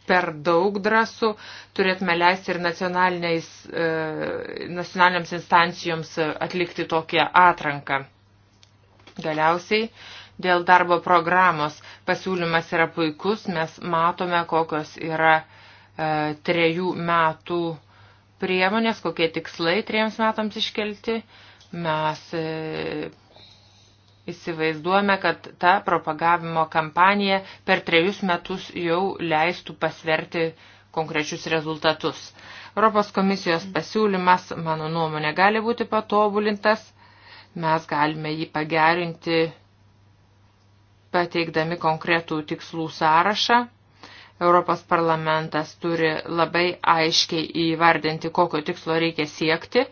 per daug drąsų. Turėtume leisti ir nacionaliniams instancijoms atlikti tokią atranką. Galiausiai dėl darbo programos pasiūlymas yra puikus. Mes matome, kokios yra uh, E, trejų metų priemonės, kokie tikslai trejams metams iškelti. Mes e, įsivaizduojame, kad ta propagavimo kampanija per trejus metus jau leistų pasverti konkrečius rezultatus. Europos komisijos pasiūlymas, mano nuomonė, gali būti patobulintas. Mes galime jį pagerinti pateikdami konkretų tikslų sąrašą Europos parlamentas turi labai aiškiai įvardinti, kokio tikslo reikia siekti,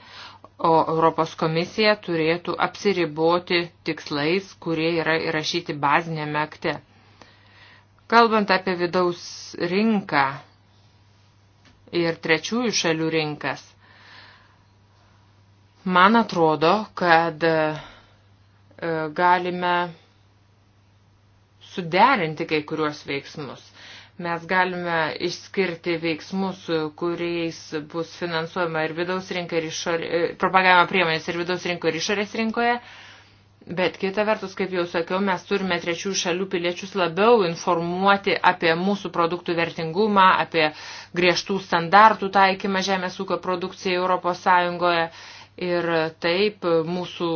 o Europos komisija turėtų apsiriboti tikslais, kurie yra įrašyti bazinėme akte. Kalbant apie vidaus rinką ir trečiųjų šalių rinkas, man atrodo, kad e, galime suderinti kai kuriuos veiksmus Mes galime išskirti veiksmus, kuriais bus finansuojama ir vidaus rinka, ir išorė, e, propagavimo priemonės ir vidaus rinko, ir išorės rinkoje. Bet kita vertus, kaip jau sakiau, mes turime trečių šalių piliečius labiau informuoti apie mūsų produktų vertingumą, apie griežtų standartų taikymą žemės ūkio produkcijai Europos Sąjungoje ir taip mūsų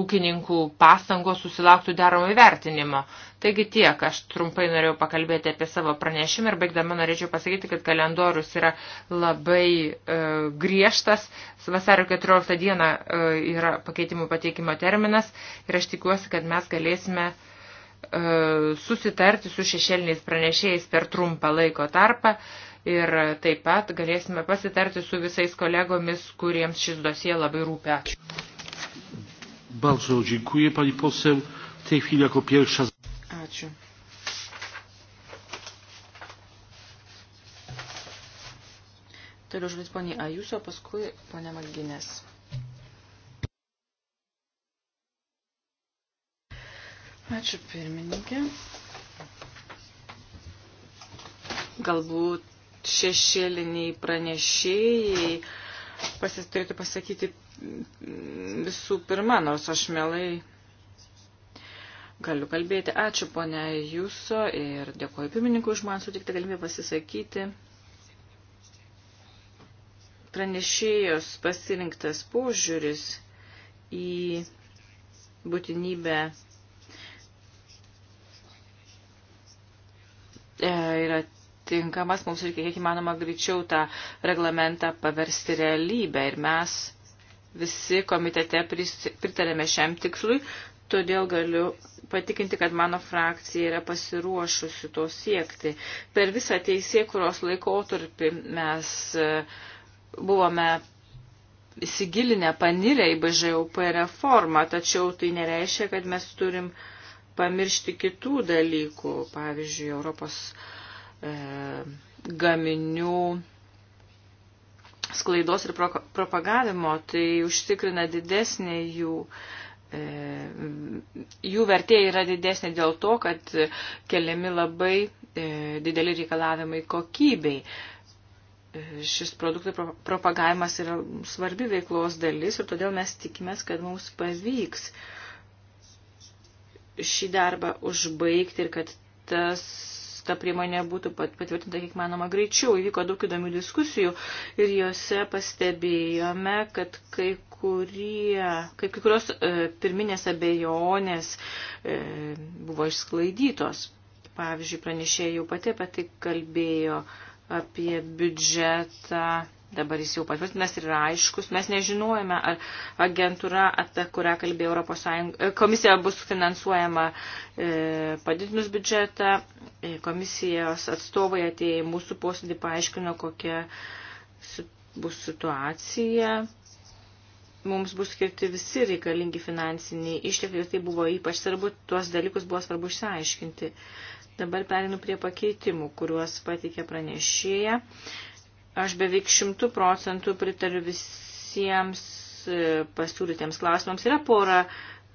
ūkininkų pastangos susilauktų deramo įvertinimo. Taigi tiek, aš trumpai norėjau pakalbėti apie savo pranešimą ir baigdama norėčiau pasakyti, kad kalendorius yra labai e, griežtas. Vasario 14 diena e, yra pakeitimų pateikimo terminas ir aš tikiuosi, kad mes galėsime e, susitarti su šešėliniais pranešėjais per trumpą laiko tarpą. E, ir taip pat galėsime pasitarti su visais kolegomis, kuriems šis dosie labai rūpi. Ačiū. Bardzo dziękuję pani poseł. W tej chwili jako pierwsza. Ačiū. Toliau žodis poniai Ajuso, paskui ponia Maginės. Ačiū pirmininkė. Galbūt šešėliniai pranešėjai pasis turėtų pasakyti visų pirma, nors aš mielai galiu kalbėti. Ačiū ponia Jūso ir dėkoju pirmininkui už man sutiktą galimybę pasisakyti. Pranešėjos pasirinktas požiūris į būtinybę e, yra tinkamas, mums reikia kiek įmanoma greičiau tą reglamentą paversti realybę ir mes visi komitete pritarėme šiam tikslui, todėl galiu patikinti, kad mano frakcija yra pasiruošusi to siekti. Per visą teisėkuros laikotarpį mes e, buvome įsigilinę, panirę į BŽUP reformą, tačiau tai nereiškia, kad mes turim pamiršti kitų dalykų, pavyzdžiui, Europos uh, e, gaminių sklaidos ir pro, propagavimo, tai užtikrina didesnį jų e, jų vertė yra didesnė dėl to, kad keliami labai e, dideli reikalavimai kokybei. E, šis produktų pro, propagavimas yra svarbi veiklos dalis ir todėl mes tikimės, kad mums pavyks šį darbą užbaigti ir kad tas ta priemonė būtų patvirtinta kiek manoma greičiau. Įvyko daug įdomių diskusijų ir juose pastebėjome, kad kai kurie, kaip kai kurios e, pirminės abejonės e, buvo išsklaidytos. Pavyzdžiui, pranešėjai jau pati apie tai kalbėjo apie biudžetą dabar jis jau patvirtinas ir yra aiškus. Mes nežinojame, ar agentūra, apie kurią kalbėjo Europos Sąjunga, e, komisija bus finansuojama e, padidinus biudžetą. E, komisijos atstovai atėję į mūsų posėdį paaiškino, kokia su, bus situacija. Mums bus skirti visi reikalingi finansiniai ištekliai, tai buvo ypač svarbu, tuos dalykus buvo svarbu išsiaiškinti. Dabar perinu prie pakeitimų, kuriuos pateikė pranešėja. E, Aš beveik šimtų procentų pritariu visiems e, pasiūlytiems klausimams. Yra pora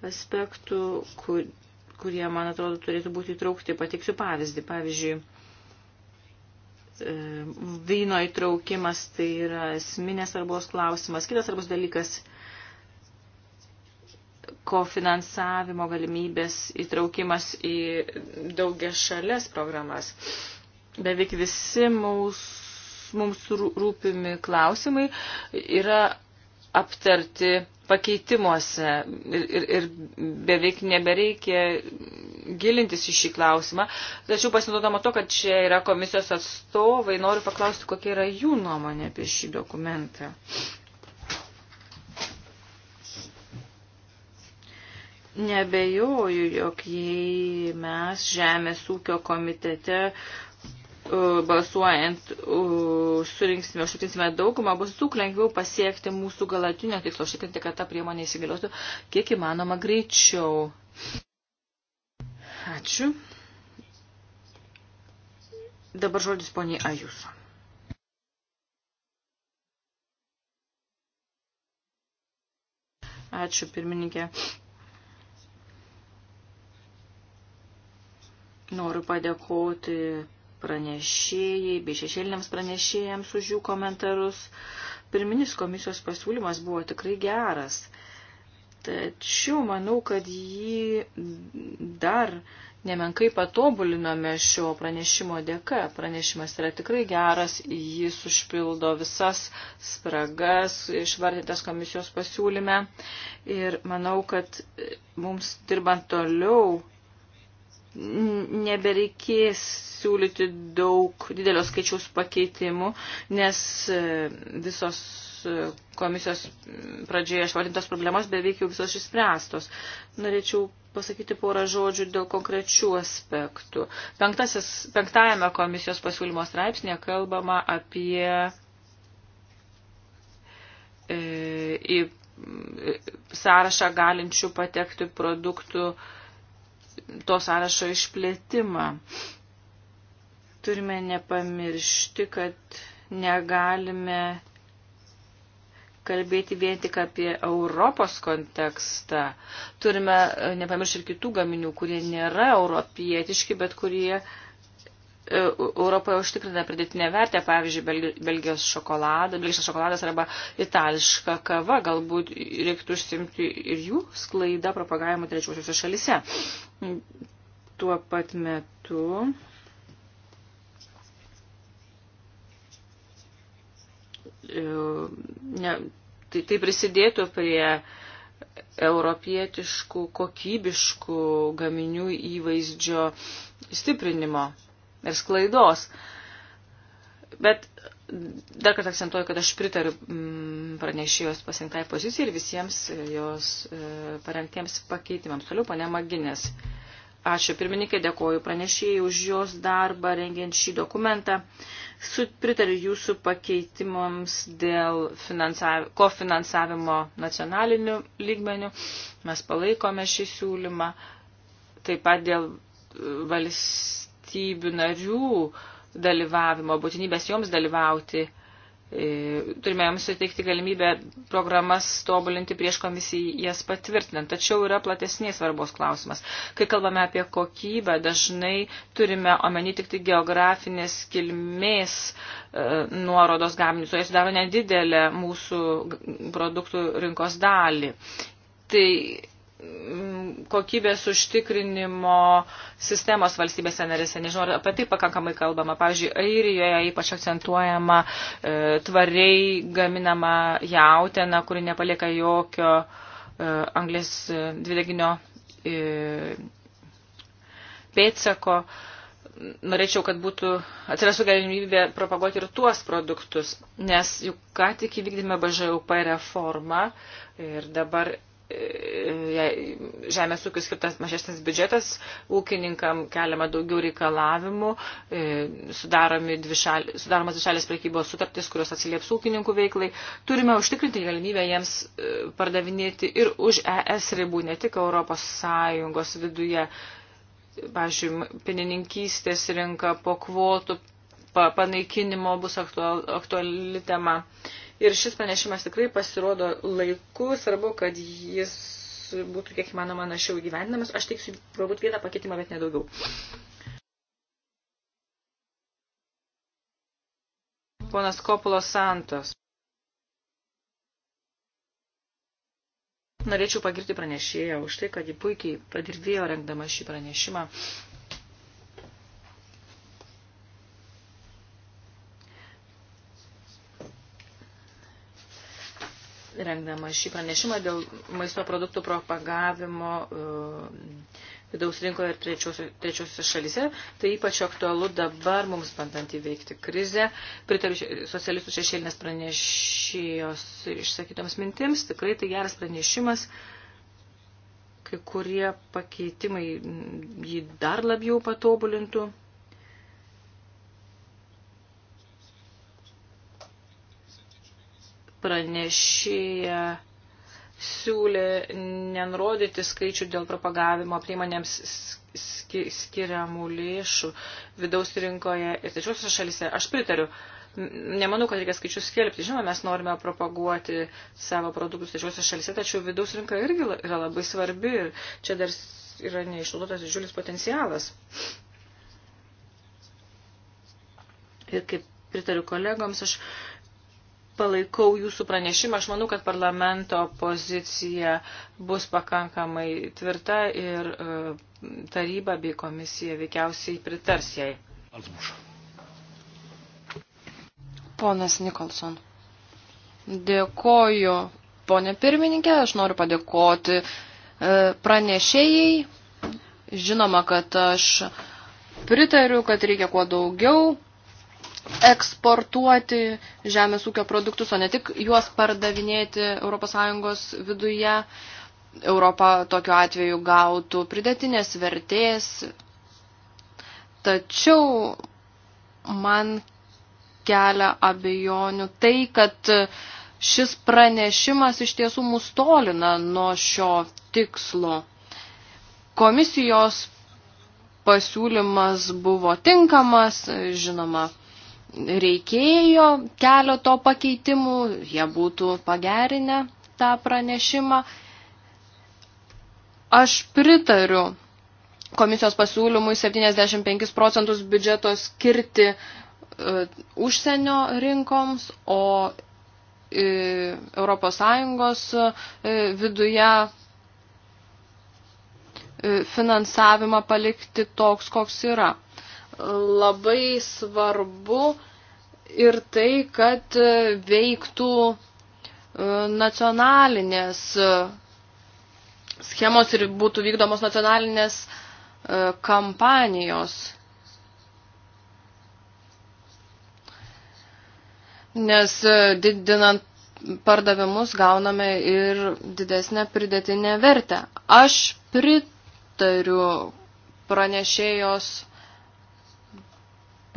aspektų, kur, kurie, man atrodo, turėtų būti įtraukti. Pateiksiu pavyzdį. Pavyzdžiui, e, vyno įtraukimas tai yra esminės svarbos klausimas. Kitas svarbus dalykas kofinansavimo galimybės įtraukimas į daugia šalias programas. Beveik visi mūsų mums rūpimi klausimai yra aptarti pakeitimuose ir, ir, ir beveik nebereikia gilintis į šį klausimą. Tačiau pasinaudodama to, kad čia yra komisijos atstovai, noriu paklausti, kokia yra jų nuomonė apie šį dokumentą. Nebejoju, jog jei mes Žemės ūkio komitete uh, balsuojant uh, surinksime, užtikrinsime daugumą, bus daug lengviau pasiekti mūsų galatinio tikslo, užtikrinti, kad ta priemonė įsigaliotų kiek įmanoma greičiau. Ačiū. Dabar žodis poniai Ajuso. Ačiū, pirmininkė. Noriu padėkoti pranešėjai bei šešėliniams pranešėjams už jų komentarus. Pirminis komisijos pasiūlymas buvo tikrai geras. Tačiau manau, kad jį dar nemenkai patobulinome šio pranešimo dėka. Pranešimas yra tikrai geras, jis užpildo visas spragas išvardytas komisijos pasiūlyme. Ir manau, kad mums dirbant toliau nebereikės siūlyti daug didelio skaičiaus pakeitimų, nes e, visos e, komisijos pradžioje išvardintos problemos beveik jau visos išspręstos. Norėčiau pasakyti porą žodžių dėl konkrečių aspektų. Penktasis, penktajame komisijos pasiūlymo straipsnėje kalbama apie e, į e, sąrašą galinčių patekti produktų e, to sąrašo išplėtimą. Turime nepamiršti, kad negalime kalbėti vien tik apie Europos kontekstą. Turime nepamiršti ir kitų gaminių, kurie nėra europietiški, bet kurie uh, Europoje užtikrina pridėtinę vertę, pavyzdžiui, Belgijos šokoladas, Belgijos šokoladas arba itališka kava, galbūt reiktų užsimti ir jų sklaidą propagavimu trečiosiuose šalise. Tuo pat metu. E, ne, tai, tai prisidėtų prie europietiškų, kokybiškų gaminių įvaizdžio stiprinimo ir sklaidos. Bet dar kartą akcentuoju, kad aš pritariu mm, pranešėjos pasirinktai pozicijai ir visiems jos e, parengtiems pakeitimams. Toliau, pane Maginės. Ačiū pirmininkė, dėkoju pranešėjai už jos darbą rengiant šį dokumentą. Su, pritariu jūsų pakeitimams dėl kofinansavimo nacionaliniu lygmeniu. Mes palaikome šį siūlymą. Taip pat dėl e, valstybės valstybių narių dalyvavimo, būtinybės joms dalyvauti. E, turime joms suteikti galimybę programas tobulinti prieš komisiją jas patvirtinant. Tačiau yra platesnės svarbos klausimas. Kai kalbame apie kokybę, dažnai turime omeny tik tai geografinės kilmės e, nuorodos gaminius, o jie sudaro nedidelę mūsų produktų rinkos dalį. Tai kokybės užtikrinimo sistemos valstybėse narėse. Nežinau, ar apie tai pakankamai kalbama. Pavyzdžiui, Airijoje ypač akcentuojama e, tvariai gaminama jautena, kuri nepalieka jokio e, anglės e, dvideginio e, pėtsako. Norėčiau, kad būtų atsirastų galimybė propaguoti ir tuos produktus, nes juk ką tik įvykdėme BŽUP reformą ir dabar žemės ūkis skirtas mažesnis biudžetas, ūkininkam keliama daugiau reikalavimų, e, dvišal, sudaromas dvišalės prekybos sutartis, kurios atsilieps ūkininkų veiklai. Turime užtikrinti galimybę jiems e, pardavinėti ir už ES ribų, ne tik Europos Sąjungos viduje, pažiūrėjau, pinininkystės rinka po kvotų panaikinimo bus aktual, aktuali tema. E, Ir šis pranešimas tikrai pasirodo laiku, svarbu, kad jis būtų kiek įmanoma našiau įgyvendinamas. Aš teiksiu galbūt vieną pakeitimą, bet nedaugiau. Ponas Kopulos Santos. Norėčiau pagirti pranešėją už tai, kad ji puikiai padirbėjo rengdama šį pranešimą. rengdama šį pranešimą dėl maisto produktų propagavimo e, vidaus rinkoje ir trečiosiuose šalise. Tai ypač aktualu dabar mums bandant įveikti krizę. Pritariu socialistų šešėlinės pranešėjos išsakytoms mintims. Tikrai tai geras pranešimas. Kai kurie pakeitimai jį dar labiau patobulintų. pranešėja siūlė nenurodyti skaičių dėl propagavimo priemonėms skiriamų lėšų vidaus rinkoje ir trečiosios šalyse. Aš pritariu. Nemanau, kad reikia skaičius skelbti. Žinoma, mes norime propaguoti savo produktus trečiosios šalyse, tačiau vidaus rinka irgi yra labai svarbi ir čia dar yra neišnaudotas didžiulis potencialas. Ir kaip pritariu kolegoms, aš palaikau jūsų pranešimą. Aš manau, kad parlamento pozicija bus pakankamai tvirta ir e, taryba bei komisija veikiausiai pritars jai. Ponas Nikolson. Dėkoju, ponė pirmininkė. Aš noriu padėkoti e, pranešėjai. Žinoma, kad aš pritariu, kad reikia kuo daugiau eksportuoti žemės ūkio produktus, o ne tik juos pardavinėti ES viduje. Europa tokiu atveju gautų pridėtinės vertės. Tačiau man kelia abejonių tai, kad šis pranešimas iš tiesų mus tolina nuo šio tikslo. Komisijos pasiūlymas buvo tinkamas, žinoma, reikėjo keleto pakeitimų, jie būtų pagerinę tą pranešimą. Aš pritariu komisijos pasiūlymui 75 procentus biudžeto skirti e, užsienio rinkoms, o e, Europos Sąjungos e, viduje finansavimą palikti toks, koks yra labai svarbu ir tai, kad veiktų e, nacionalinės e, schemos ir būtų vykdomos nacionalinės e, kampanijos. Nes didinant pardavimus gauname ir didesnę pridėtinę vertę. Aš pritariu pranešėjos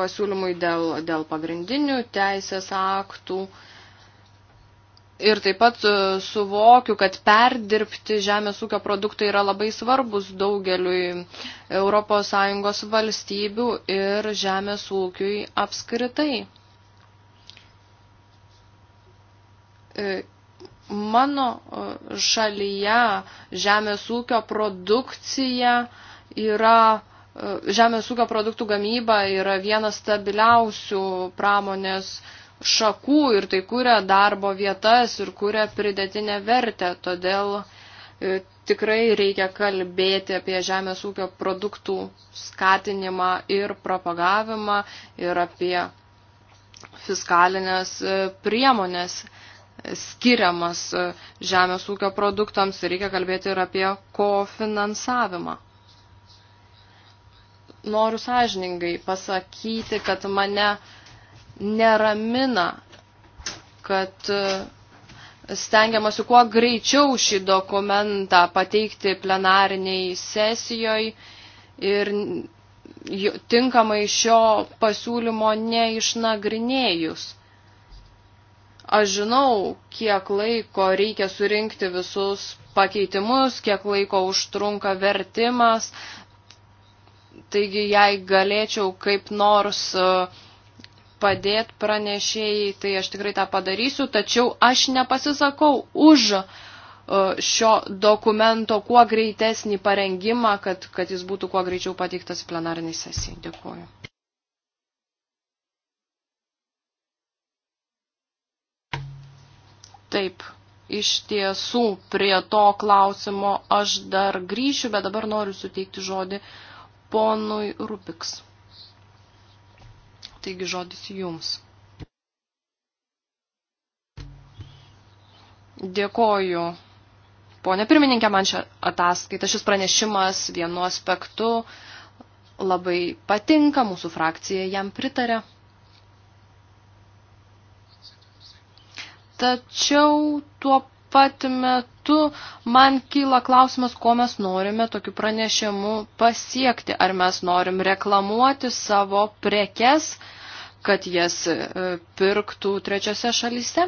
pasiūlymui dėl, dėl pagrindinių teisės aktų. Ir taip pat e, suvokiu, kad perdirbti žemės ūkio produktai yra labai svarbus daugeliui ES valstybių ir žemės ūkiui apskritai. E, mano e, šalyje žemės ūkio produkcija yra E, žemės ūkio produktų gamyba yra vienas stabiliausių pramonės šakų ir tai kuria darbo vietas ir kuria pridėtinę vertę. Todėl e, tikrai reikia kalbėti apie žemės ūkio produktų skatinimą ir propagavimą ir apie fiskalinės e, priemonės skiriamas žemės ūkio produktams ir reikia kalbėti ir apie kofinansavimą noriu sąžiningai pasakyti, kad mane neramina, kad e, stengiamasi kuo greičiau šį dokumentą pateikti plenariniai sesijoj ir tinkamai šio pasiūlymo neišnagrinėjus. Aš žinau, kiek laiko reikia surinkti visus pakeitimus, kiek laiko užtrunka vertimas, Taigi, jei galėčiau kaip nors e, padėti pranešėjai, tai aš tikrai tą padarysiu, tačiau aš nepasisakau už e, šio dokumento kuo greitesnį parengimą, kad, kad jis būtų kuo greičiau pateiktas plenariniai sesijai. Dėkuoju. Taip, iš tiesų prie to klausimo aš dar grįšiu, bet dabar noriu suteikti žodį uh, ponui Rupiks. Taigi žodis jums. Dėkoju. Pone pirmininkė, man šią ataskaitą, šis pranešimas vienu aspektu labai patinka, mūsų frakcija jam pritarė. Tačiau tuo pat metu metu man kyla klausimas, ko mes norime tokiu pranešimu pasiekti. Ar mes norim reklamuoti savo prekes, kad jas e, pirktų trečiose šalyse?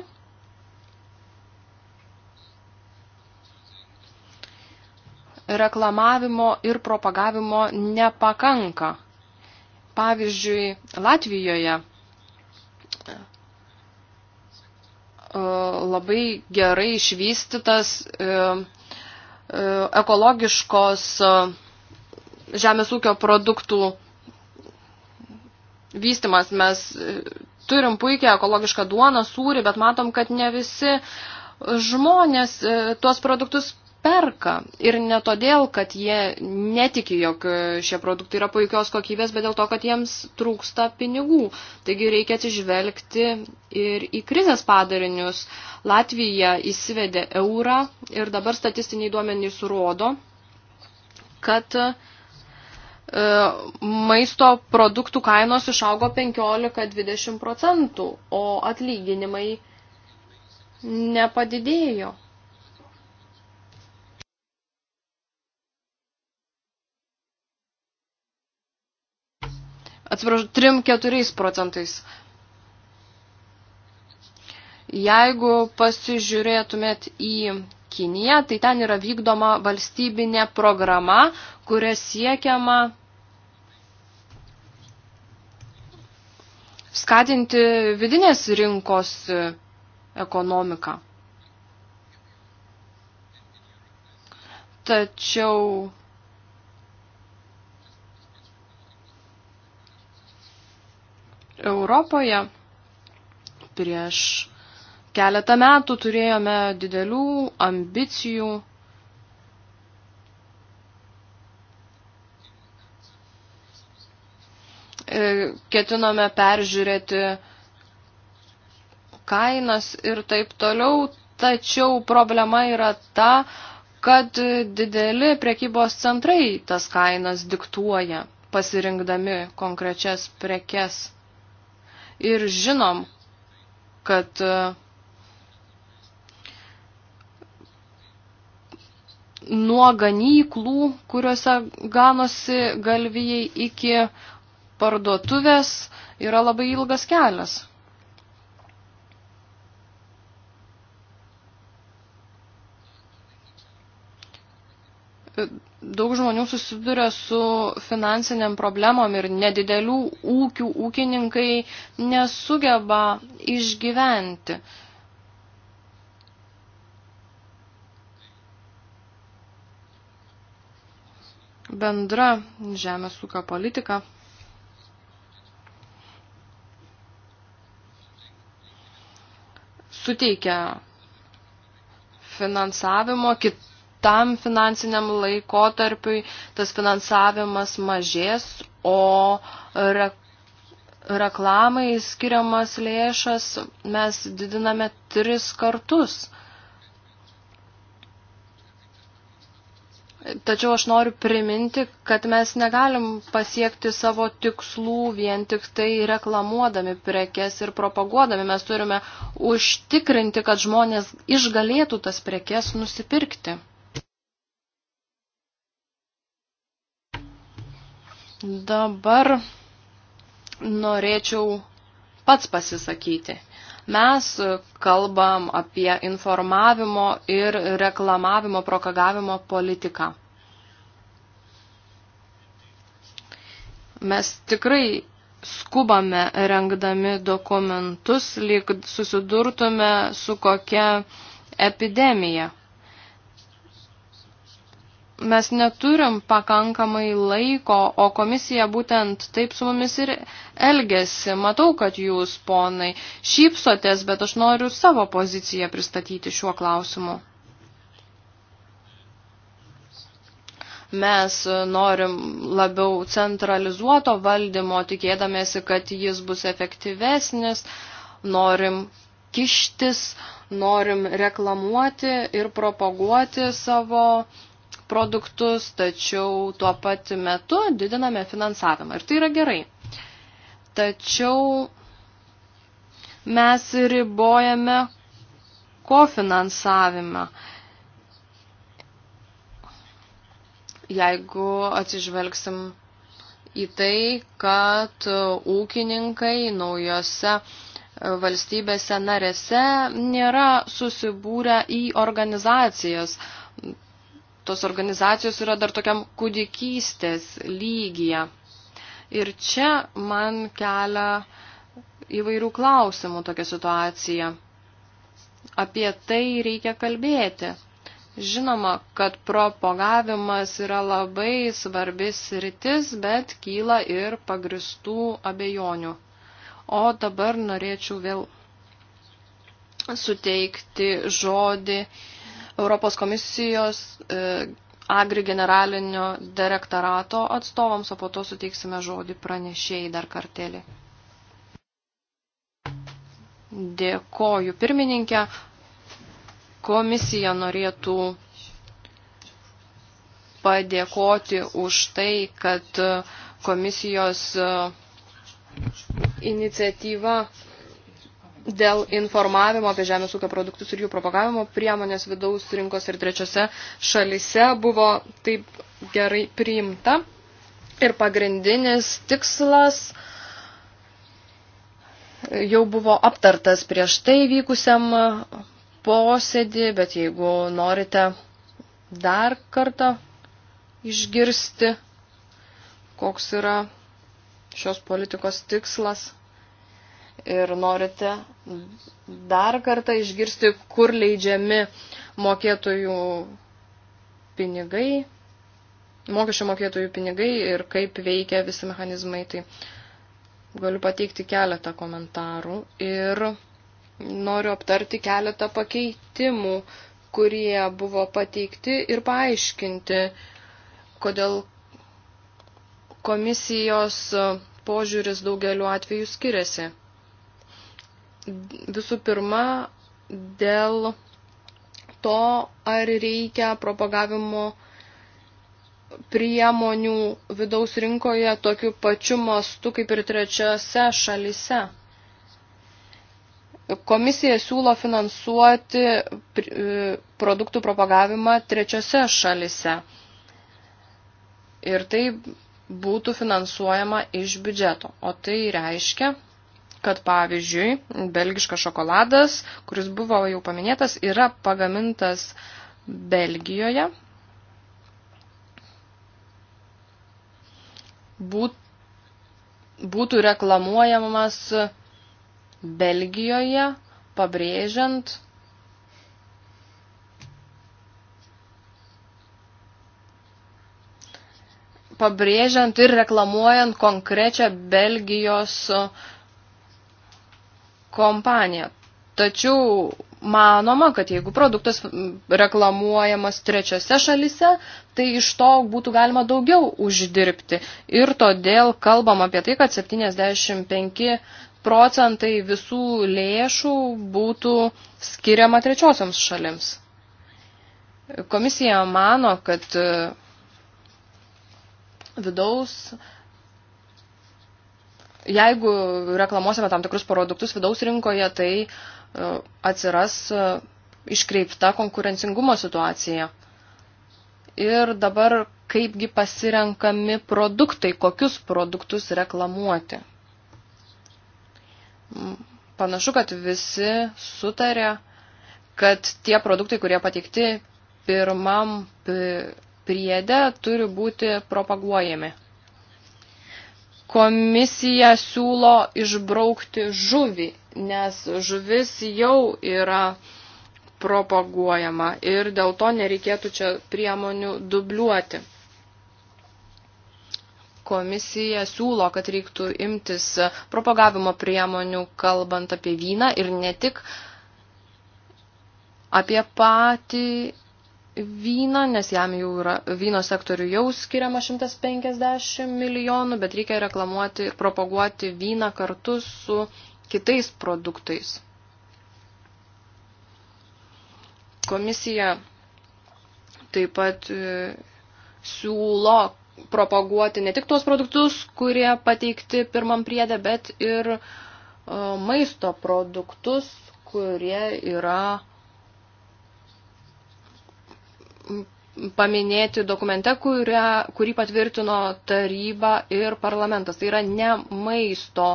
Reklamavimo ir propagavimo nepakanka. Pavyzdžiui, Latvijoje E, labai gerai išvystytas e, e, ekologiškos žemės ūkio produktų vystimas. Mes turim puikią ekologišką duoną, sūrį, bet matom, kad ne visi žmonės tuos produktus perka. Ir ne todėl, kad jie netiki, jog šie produktai yra puikios kokybės, bet dėl to, kad jiems trūksta pinigų. Taigi reikia atsižvelgti ir į krizės padarinius. Latvija įsivedė eurą ir dabar statistiniai duomenys rodo, kad e, maisto produktų kainos išaugo 15-20 procentų, o atlyginimai nepadidėjo. atsiprašau, 3-4 procentais. Jeigu pasižiūrėtumėt į Kiniją, tai ten yra vykdoma valstybinė programa, kuria siekiama skatinti vidinės rinkos ekonomiką. Tačiau Europoje prieš keletą metų turėjome didelių ambicijų e, ketinome peržiūrėti kainas ir taip toliau, tačiau problema yra ta, kad dideli prekybos centrai tas kainas diktuoja, pasirinkdami konkrečias prekes ir žinom, kad e, nuo ganyklų, kuriuose ganosi galvijai iki parduotuvės, yra labai ilgas kelias. E, daug žmonių susiduria su finansiniam problemom ir nedidelių ūkių ūkininkai nesugeba išgyventi. Bendra žemės ūkio politika suteikia finansavimo kitų tam finansiniam laikotarpiui tas finansavimas mažės, o re, reklamai skiriamas lėšas mes didiname tris kartus. Tačiau aš noriu priminti, kad mes negalim pasiekti savo tikslų vien tik tai reklamuodami prekes ir propaguodami. Mes turime užtikrinti, kad žmonės išgalėtų tas prekes nusipirkti. Dabar norėčiau pats pasisakyti. Mes kalbam apie informavimo ir reklamavimo, prokagavimo politiką. Mes tikrai skubame rengdami dokumentus, lyg susidurtume su kokia epidemija mes neturim pakankamai laiko, o komisija būtent taip su mumis ir elgesi. Matau, kad jūs, ponai, šypsotės, bet aš noriu savo poziciją pristatyti šiuo klausimu. mes norim labiau centralizuoto valdymo, tikėdamėsi, kad jis bus efektyvesnis, norim kištis, norim reklamuoti ir propaguoti savo produktus, tačiau tuo pat metu didiname finansavimą. Ir tai yra gerai. Tačiau mes ribojame kofinansavimą. Jeigu atsižvelgsim į tai, kad ūkininkai naujose valstybėse narėse nėra susibūrę į organizacijas, tos organizacijos yra dar tokiam kūdikystės lygyje. Ir čia man kelia įvairių klausimų tokia situacija. Apie tai reikia kalbėti. Žinoma, kad propagavimas yra labai svarbis rytis, bet kyla ir pagristų abejonių. O dabar norėčiau vėl suteikti žodį uh, Europos komisijos e, Agri generalinio direktorato atstovams, o po to suteiksime žodį pranešėjai dar kartelį. Dėkoju pirmininkė. Komisija norėtų padėkoti už tai, kad komisijos e, iniciatyva dėl informavimo apie žemės ūkio produktus ir jų propagavimo priemonės vidaus rinkos ir trečiose šalise buvo taip gerai priimta. Ir pagrindinis tikslas jau buvo aptartas prieš tai vykusiam posėdį, bet jeigu norite dar kartą išgirsti, koks yra šios politikos tikslas ir norite dar kartą išgirsti, kur leidžiami mokėtojų pinigai, mokesčių mokėtojų pinigai ir kaip veikia visi mechanizmai, tai galiu pateikti keletą komentarų ir noriu aptarti keletą pakeitimų, kurie buvo pateikti ir paaiškinti, kodėl komisijos požiūris daugeliu atveju skiriasi visų pirma dėl to, ar reikia propagavimo priemonių vidaus rinkoje tokiu pačiu mastu kaip ir trečiose šalise. Komisija siūlo finansuoti e, produktų propagavimą trečiose šalise. Ir tai būtų finansuojama iš biudžeto. O tai reiškia, kad pavyzdžiui belgiškas šokoladas, kuris buvo jau paminėtas, yra pagamintas Belgijoje, būt, būtų reklamuojamas Belgijoje, pabrėžiant pabrėžiant ir reklamuojant konkrečią Belgijos uh, kompaniją. Tačiau manoma, kad jeigu produktas reklamuojamas trečiose šalise, tai iš to būtų galima daugiau uždirbti. Ir todėl kalbam apie tai, kad 75 procentai visų lėšų būtų skiriama trečiosioms šalims. Komisija mano, kad vidaus jeigu reklamuosime tam tikrus produktus vidaus rinkoje, tai e, atsiras e, iškreipta konkurencingumo situacija. Ir dabar kaipgi pasirenkami produktai, kokius produktus reklamuoti. Panašu, kad visi sutarė, kad tie produktai, kurie pateikti pirmam priede, turi būti propaguojami. Komisija siūlo išbraukti žuvį, nes žuvis jau yra propaguojama ir dėl to nereikėtų čia priemonių dubliuoti. Komisija siūlo, kad reiktų imtis propagavimo priemonių, kalbant apie vyną ir ne tik apie patį vyną, nes jam jau yra, vyno sektorių jau skiriama 150 milijonų, bet reikia reklamuoti ir propaguoti vyną kartu su kitais produktais. Komisija taip pat e, siūlo propaguoti ne tik tuos produktus, kurie pateikti pirmam priedė, bet ir e, maisto produktus, kurie yra paminėti dokumente, kurią, kurį patvirtino taryba ir parlamentas. Tai yra ne maisto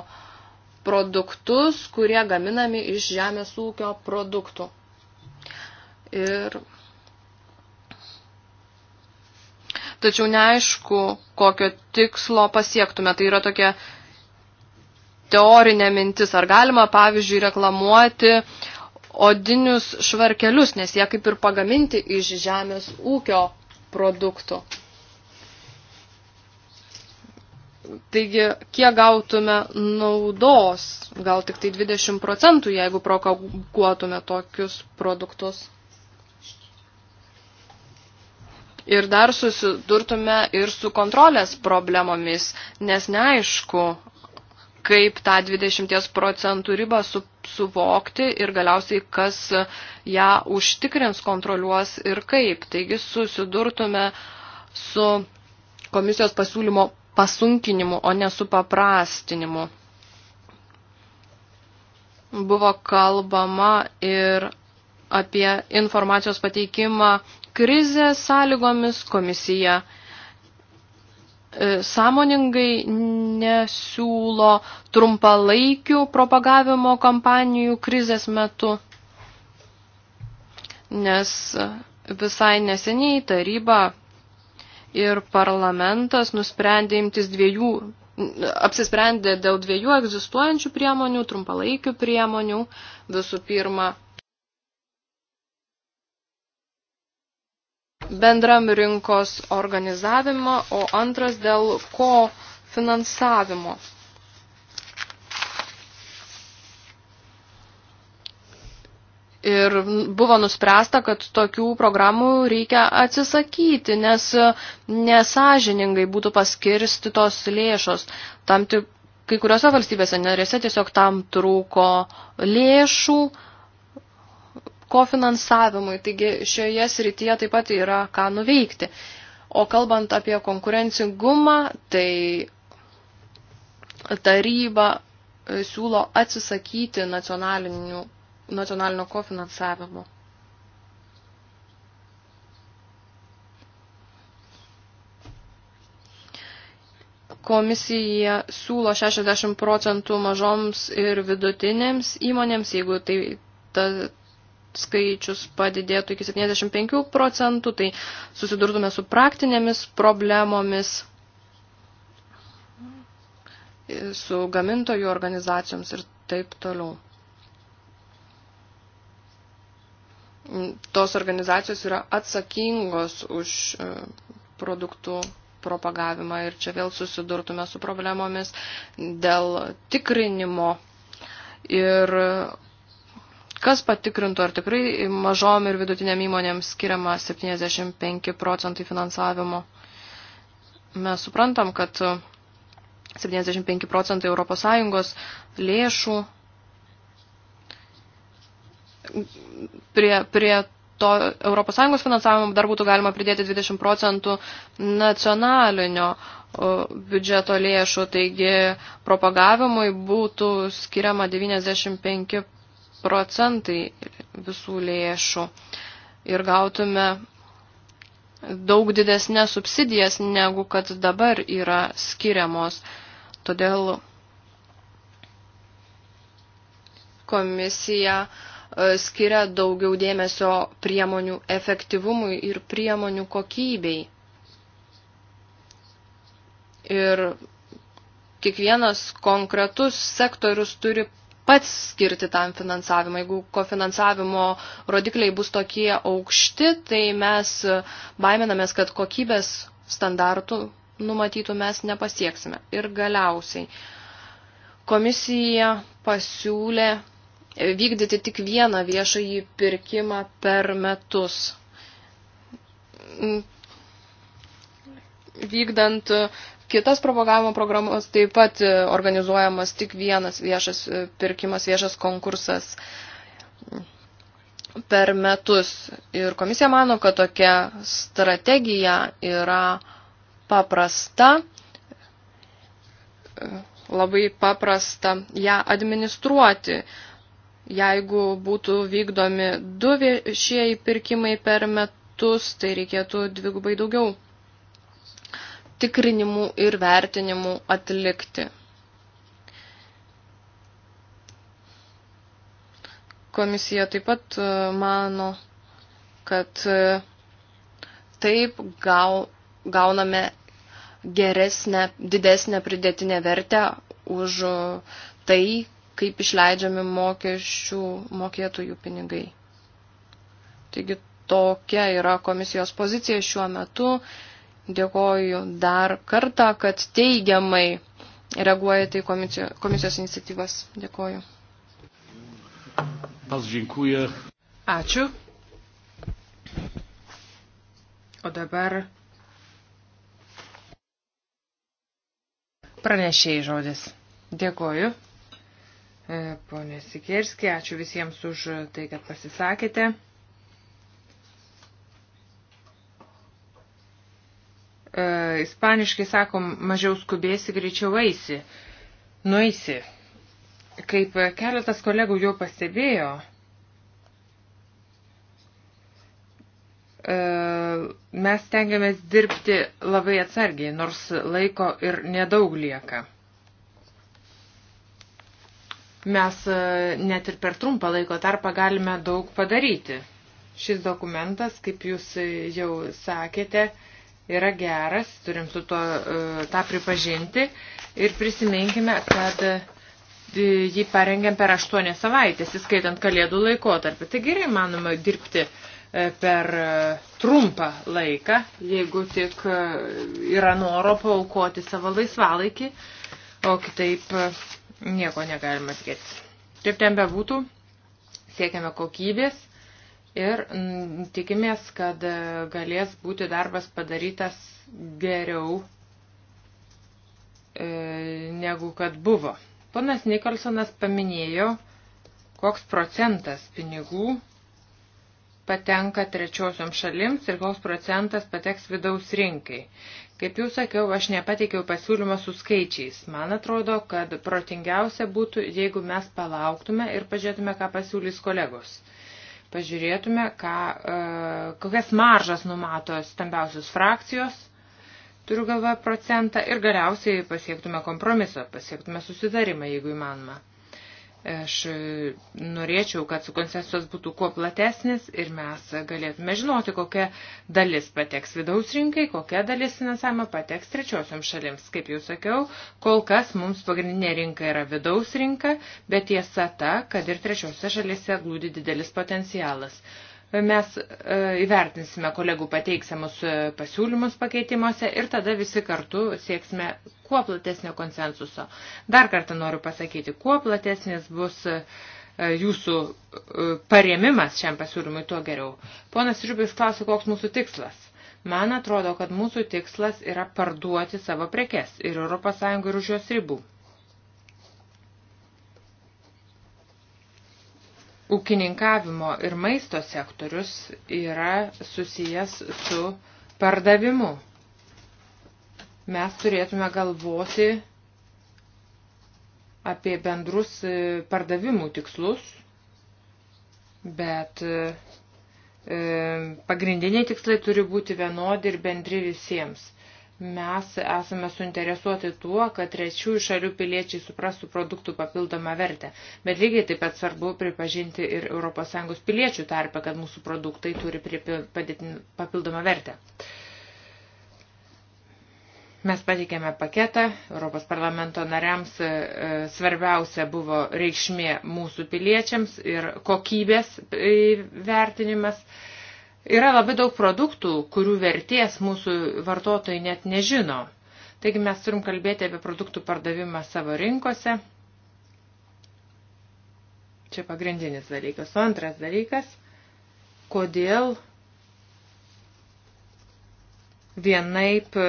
produktus, kurie gaminami iš žemės ūkio produktų. Ir tačiau neaišku, kokio tikslo pasiektume. Tai yra tokia teorinė mintis. Ar galima, pavyzdžiui, reklamuoti uh, odinius švarkelius, nes jie kaip ir pagaminti iš žemės ūkio produktų. Taigi, kiek gautume naudos, gal tik tai 20 procentų, jeigu propaguotume tokius produktus. Ir dar susidurtume ir su kontrolės problemomis, nes neaišku, kaip tą 20 procentų ribą su suvokti ir galiausiai kas ją užtikrins, kontroliuos ir kaip. Taigi susidurtume su komisijos pasiūlymo pasunkinimu, o ne su paprastinimu. Buvo kalbama ir apie informacijos pateikimą krizės sąlygomis komisija E, sąmoningai nesiūlo trumpalaikių propagavimo kampanijų krizės metu, nes visai neseniai taryba ir parlamentas nusprendė imtis dviejų, apsisprendė dėl dviejų egzistuojančių priemonių, trumpalaikių priemonių. Visų pirma, bendram rinkos organizavimą, o antras dėl ko finansavimo. Ir buvo nuspręsta, kad tokių programų reikia atsisakyti, nes nesažiningai būtų paskirstytos lėšos. Tam tik, kai kuriuose valstybėse narėse tiesiog tam trūko lėšų, kofinansavimui. Taigi šioje srityje taip pat yra ką nuveikti. O kalbant apie konkurencingumą, tai taryba e, siūlo atsisakyti nacionalinio kofinansavimo. Komisija siūlo 60 procentų mažoms ir vidutinėms įmonėms, jeigu tai ta, skaičius padidėtų iki 75 procentų, tai susidurtume su praktinėmis problemomis, su gamintojų organizacijoms ir taip toliau. Tos organizacijos yra atsakingos už e, produktų propagavimą ir čia vėl susidurtume su problemomis dėl tikrinimo ir Kas patikrintų, ar tikrai mažom ir vidutiniam įmonėms skiriama 75 procentai finansavimo? Mes suprantam, kad 75 procentai ES lėšų prie, prie to ES finansavimo dar būtų galima pridėti 20 procentų nacionalinio biudžeto lėšų, taigi propagavimui būtų skiriama 95 procentai visų lėšų ir gautume daug didesnės subsidijas, negu kad dabar yra skiriamos. Todėl komisija e, skiria daugiau dėmesio priemonių efektyvumui ir priemonių kokybei. Ir kiekvienas konkretus sektorius turi pats skirti tam finansavimą. Jeigu kofinansavimo rodikliai bus tokie aukšti, tai mes baiminamės, kad kokybės standartų numatytų mes nepasieksime. Ir galiausiai komisija pasiūlė vykdyti tik vieną viešąjį pirkimą per metus. Vykdant kitas propagavimo programos taip pat e, organizuojamas tik vienas viešas e, pirkimas, viešas konkursas per metus. Ir komisija mano, kad tokia strategija yra paprasta, e, labai paprasta ją administruoti. Jeigu būtų vykdomi du viešieji pirkimai per metus, tai reikėtų dvigubai daugiau tikrinimų ir vertinimų atlikti. Komisija taip pat e, mano, kad e, taip gau, gauname geresnę, didesnę pridėtinę vertę už e, tai, kaip išleidžiami mokesčių mokėtojų pinigai. Taigi tokia yra komisijos pozicija šiuo metu Dėkoju dar kartą, kad teigiamai reaguojate į komisijos, komisijos iniciatyvas. Dėkoju. Ačiū. O dabar pranešėjai žodis. Dėkoju. E, Pone Sikerski, ačiū visiems už tai, kad pasisakėte. E, ispaniškai sakom, mažiau skubėsi, greičiau eisi, nueisi. Kaip keletas kolegų jau pastebėjo, e, mes tengiamės dirbti labai atsargiai, nors laiko ir nedaug lieka. Mes e, net ir per trumpą laiko tarpą galime daug padaryti. Šis dokumentas, kaip jūs jau sakėte, yra geras, turim su to e, tą pripažinti ir prisiminkime, kad e, jį parengėm per aštuonias savaitės, įskaitant kalėdų laikotarpį. Tai gerai, manoma, dirbti e, per trumpą laiką, jeigu tik yra noro paukoti savo laisvalaikį, o kitaip nieko negalima tikėtis. Kaip ten bebūtų, siekiame kokybės ir tikimės, kad e, galės būti darbas padarytas geriau e, negu kad buvo. Ponas Nikolsonas paminėjo, koks procentas pinigų patenka trečiosiom šalims ir koks procentas pateks vidaus rinkai. Kaip jau sakiau, aš nepateikiau pasiūlymą su skaičiais. Man atrodo, kad protingiausia būtų, jeigu mes palauktume ir pažiūrėtume, ką pasiūlys kolegos pažiūrėtume, ką, e, kokias maržas numato stambiausios frakcijos, turiu galvoje procentą, ir galiausiai pasiektume kompromiso, pasiektume susitarimą, jeigu įmanoma. Aš e, norėčiau, kad su koncesijos būtų kuo platesnis ir mes galėtume žinoti, kokia dalis pateks vidaus rinkai, kokia dalis finansavimo pateks trečiosiam šalims. Kaip jau sakiau, kol kas mums pagrindinė rinka yra vidaus rinka, bet tiesa ta, kad ir trečiose šalise glūdi didelis potencialas mes e, įvertinsime kolegų pateiksiamus e, pasiūlymus pakeitimuose ir tada visi kartu sieksime kuo platesnio konsensuso. Dar kartą noriu pasakyti, kuo platesnis bus e, jūsų paremimas šiam pasiūlymui, tuo geriau. Ponas Žiubis klausė, koks mūsų tikslas. Man atrodo, kad mūsų tikslas yra parduoti savo prekes ir ES ir už jos ribų. ūkininkavimo ir maisto sektorius yra susijęs su pardavimu. Mes turėtume galvoti apie bendrus e, pardavimų tikslus, bet e, e, pagrindiniai tikslai turi būti vienodi ir bendri visiems. Mes esame suinteresuoti tuo, kad trečiųjų šalių piliečiai suprastų produktų papildomą vertę, bet lygiai taip pat svarbu pripažinti ir ES piliečių tarpę, kad mūsų produktai turi papildomą vertę. Mes pateikėme paketą, Europos parlamento nariams e, svarbiausia buvo reikšmė mūsų piliečiams ir kokybės e, vertinimas. E, Yra labai daug produktų, kurių vertės mūsų vartotojai net nežino. Taigi mes turim kalbėti apie produktų pardavimą savo rinkose. Čia pagrindinis dalykas. O antras dalykas, kodėl vienaip e,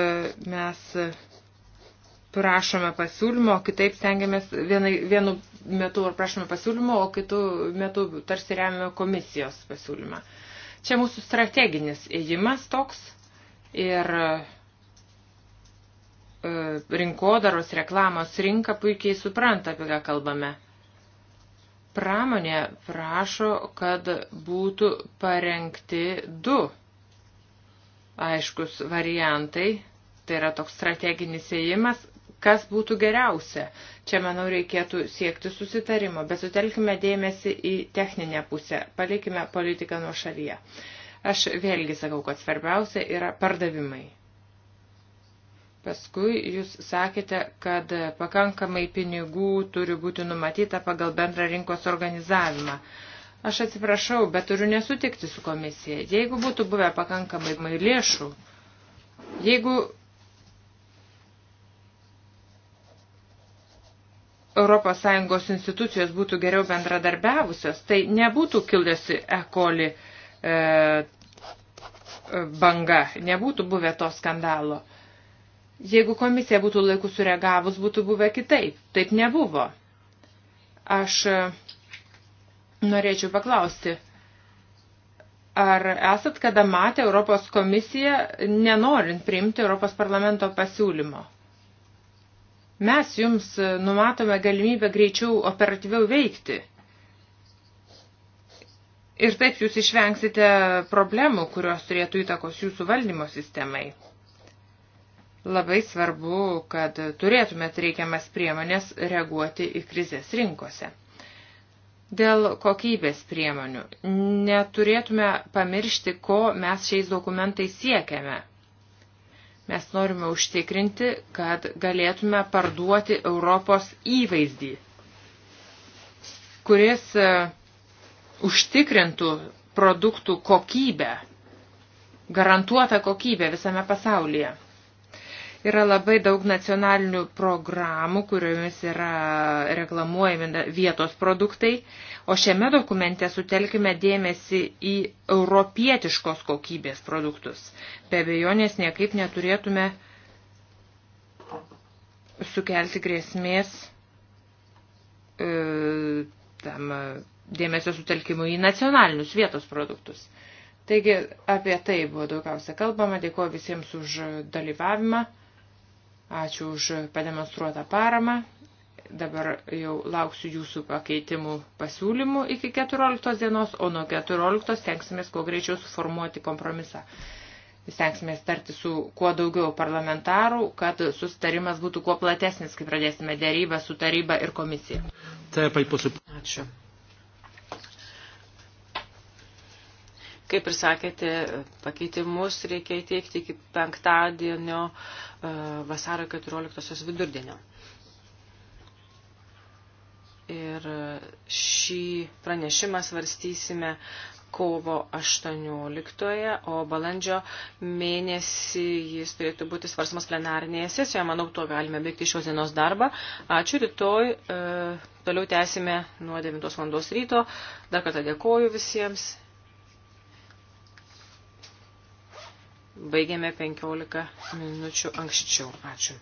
mes prašome pasiūlymo, kitaip stengiamės vienai, vienu metu prašome pasiūlymo, o kitų metu tarsi remiame komisijos pasiūlymą. Uh, Čia mūsų strateginis įjimas toks ir e, rinkodaros reklamos rinka puikiai supranta, apie ką kalbame. Pramonė prašo, kad būtų parengti du aiškus variantai. Tai yra toks strateginis įėjimas, kas būtų geriausia. Čia, manau, reikėtų siekti susitarimo, bet sutelkime dėmesį į techninę pusę, palikime politiką nuo šalyje. Aš vėlgi sakau, kad svarbiausia yra pardavimai. Paskui jūs sakėte, kad pakankamai pinigų turi būti numatyta pagal bendrą rinkos organizavimą. Aš atsiprašau, bet turiu nesutikti su komisija. Jeigu būtų buvę pakankamai lėšų, jeigu ES institucijos būtų geriau bendradarbiavusios, tai nebūtų kildosi ekoli e, banga, nebūtų buvę to skandalo. Jeigu komisija būtų laiku sureagavus, būtų buvę kitaip. Taip nebuvo. Aš e, norėčiau paklausti, ar esat kada matę Europos komisiją nenorint priimti Europos parlamento pasiūlymo? Mes jums numatome galimybę greičiau operatyviau veikti. Ir taip jūs išvengsite problemų, kurios turėtų įtakos jūsų valdymo sistemai. Labai svarbu, kad turėtumėt reikiamas priemonės reaguoti į krizės rinkose. Dėl kokybės priemonių neturėtume pamiršti, ko mes šiais dokumentais siekiame. Mes norime užtikrinti, kad galėtume parduoti Europos įvaizdį, kuris e, užtikrintų produktų kokybę, garantuotą kokybę visame pasaulyje. Yra labai daug nacionalinių programų, kuriomis yra reklamuojami vietos produktai, o šiame dokumente sutelkime dėmesį į europietiškos kokybės produktus. Be abejonės niekaip neturėtume sukelti grėsmės e, tam e, dėmesio sutelkimui į nacionalinius vietos produktus. Taigi apie tai buvo daugiausia kalbama. Dėkuoju visiems už dalyvavimą. Ačiū už pademonstruotą paramą. Dabar jau lauksiu jūsų pakeitimų pasiūlymų iki 14 dienos, o nuo 14 stengsimės kuo greičiau suformuoti kompromisą. Stengsime starti su kuo daugiau parlamentarų, kad sustarimas būtų kuo platesnis, kai pradėsime dėrybę su taryba ir komisija. Ačiū. Kaip ir sakėte, pakeitimus reikia įteikti iki penktadienio e, vasaro 14 vidurdienio. Ir šį pranešimą svarstysime kovo 18, o balandžio mėnesį jis turėtų būti svarstamas plenarinėje sesijoje. Manau, tuo galime baigti šios dienos darbą. Ačiū, rytoj e, toliau tęsime nuo 9 val. ryto. Dar kartą dėkoju visiems Baigėme 15 minučių anksčiau. Ačiū.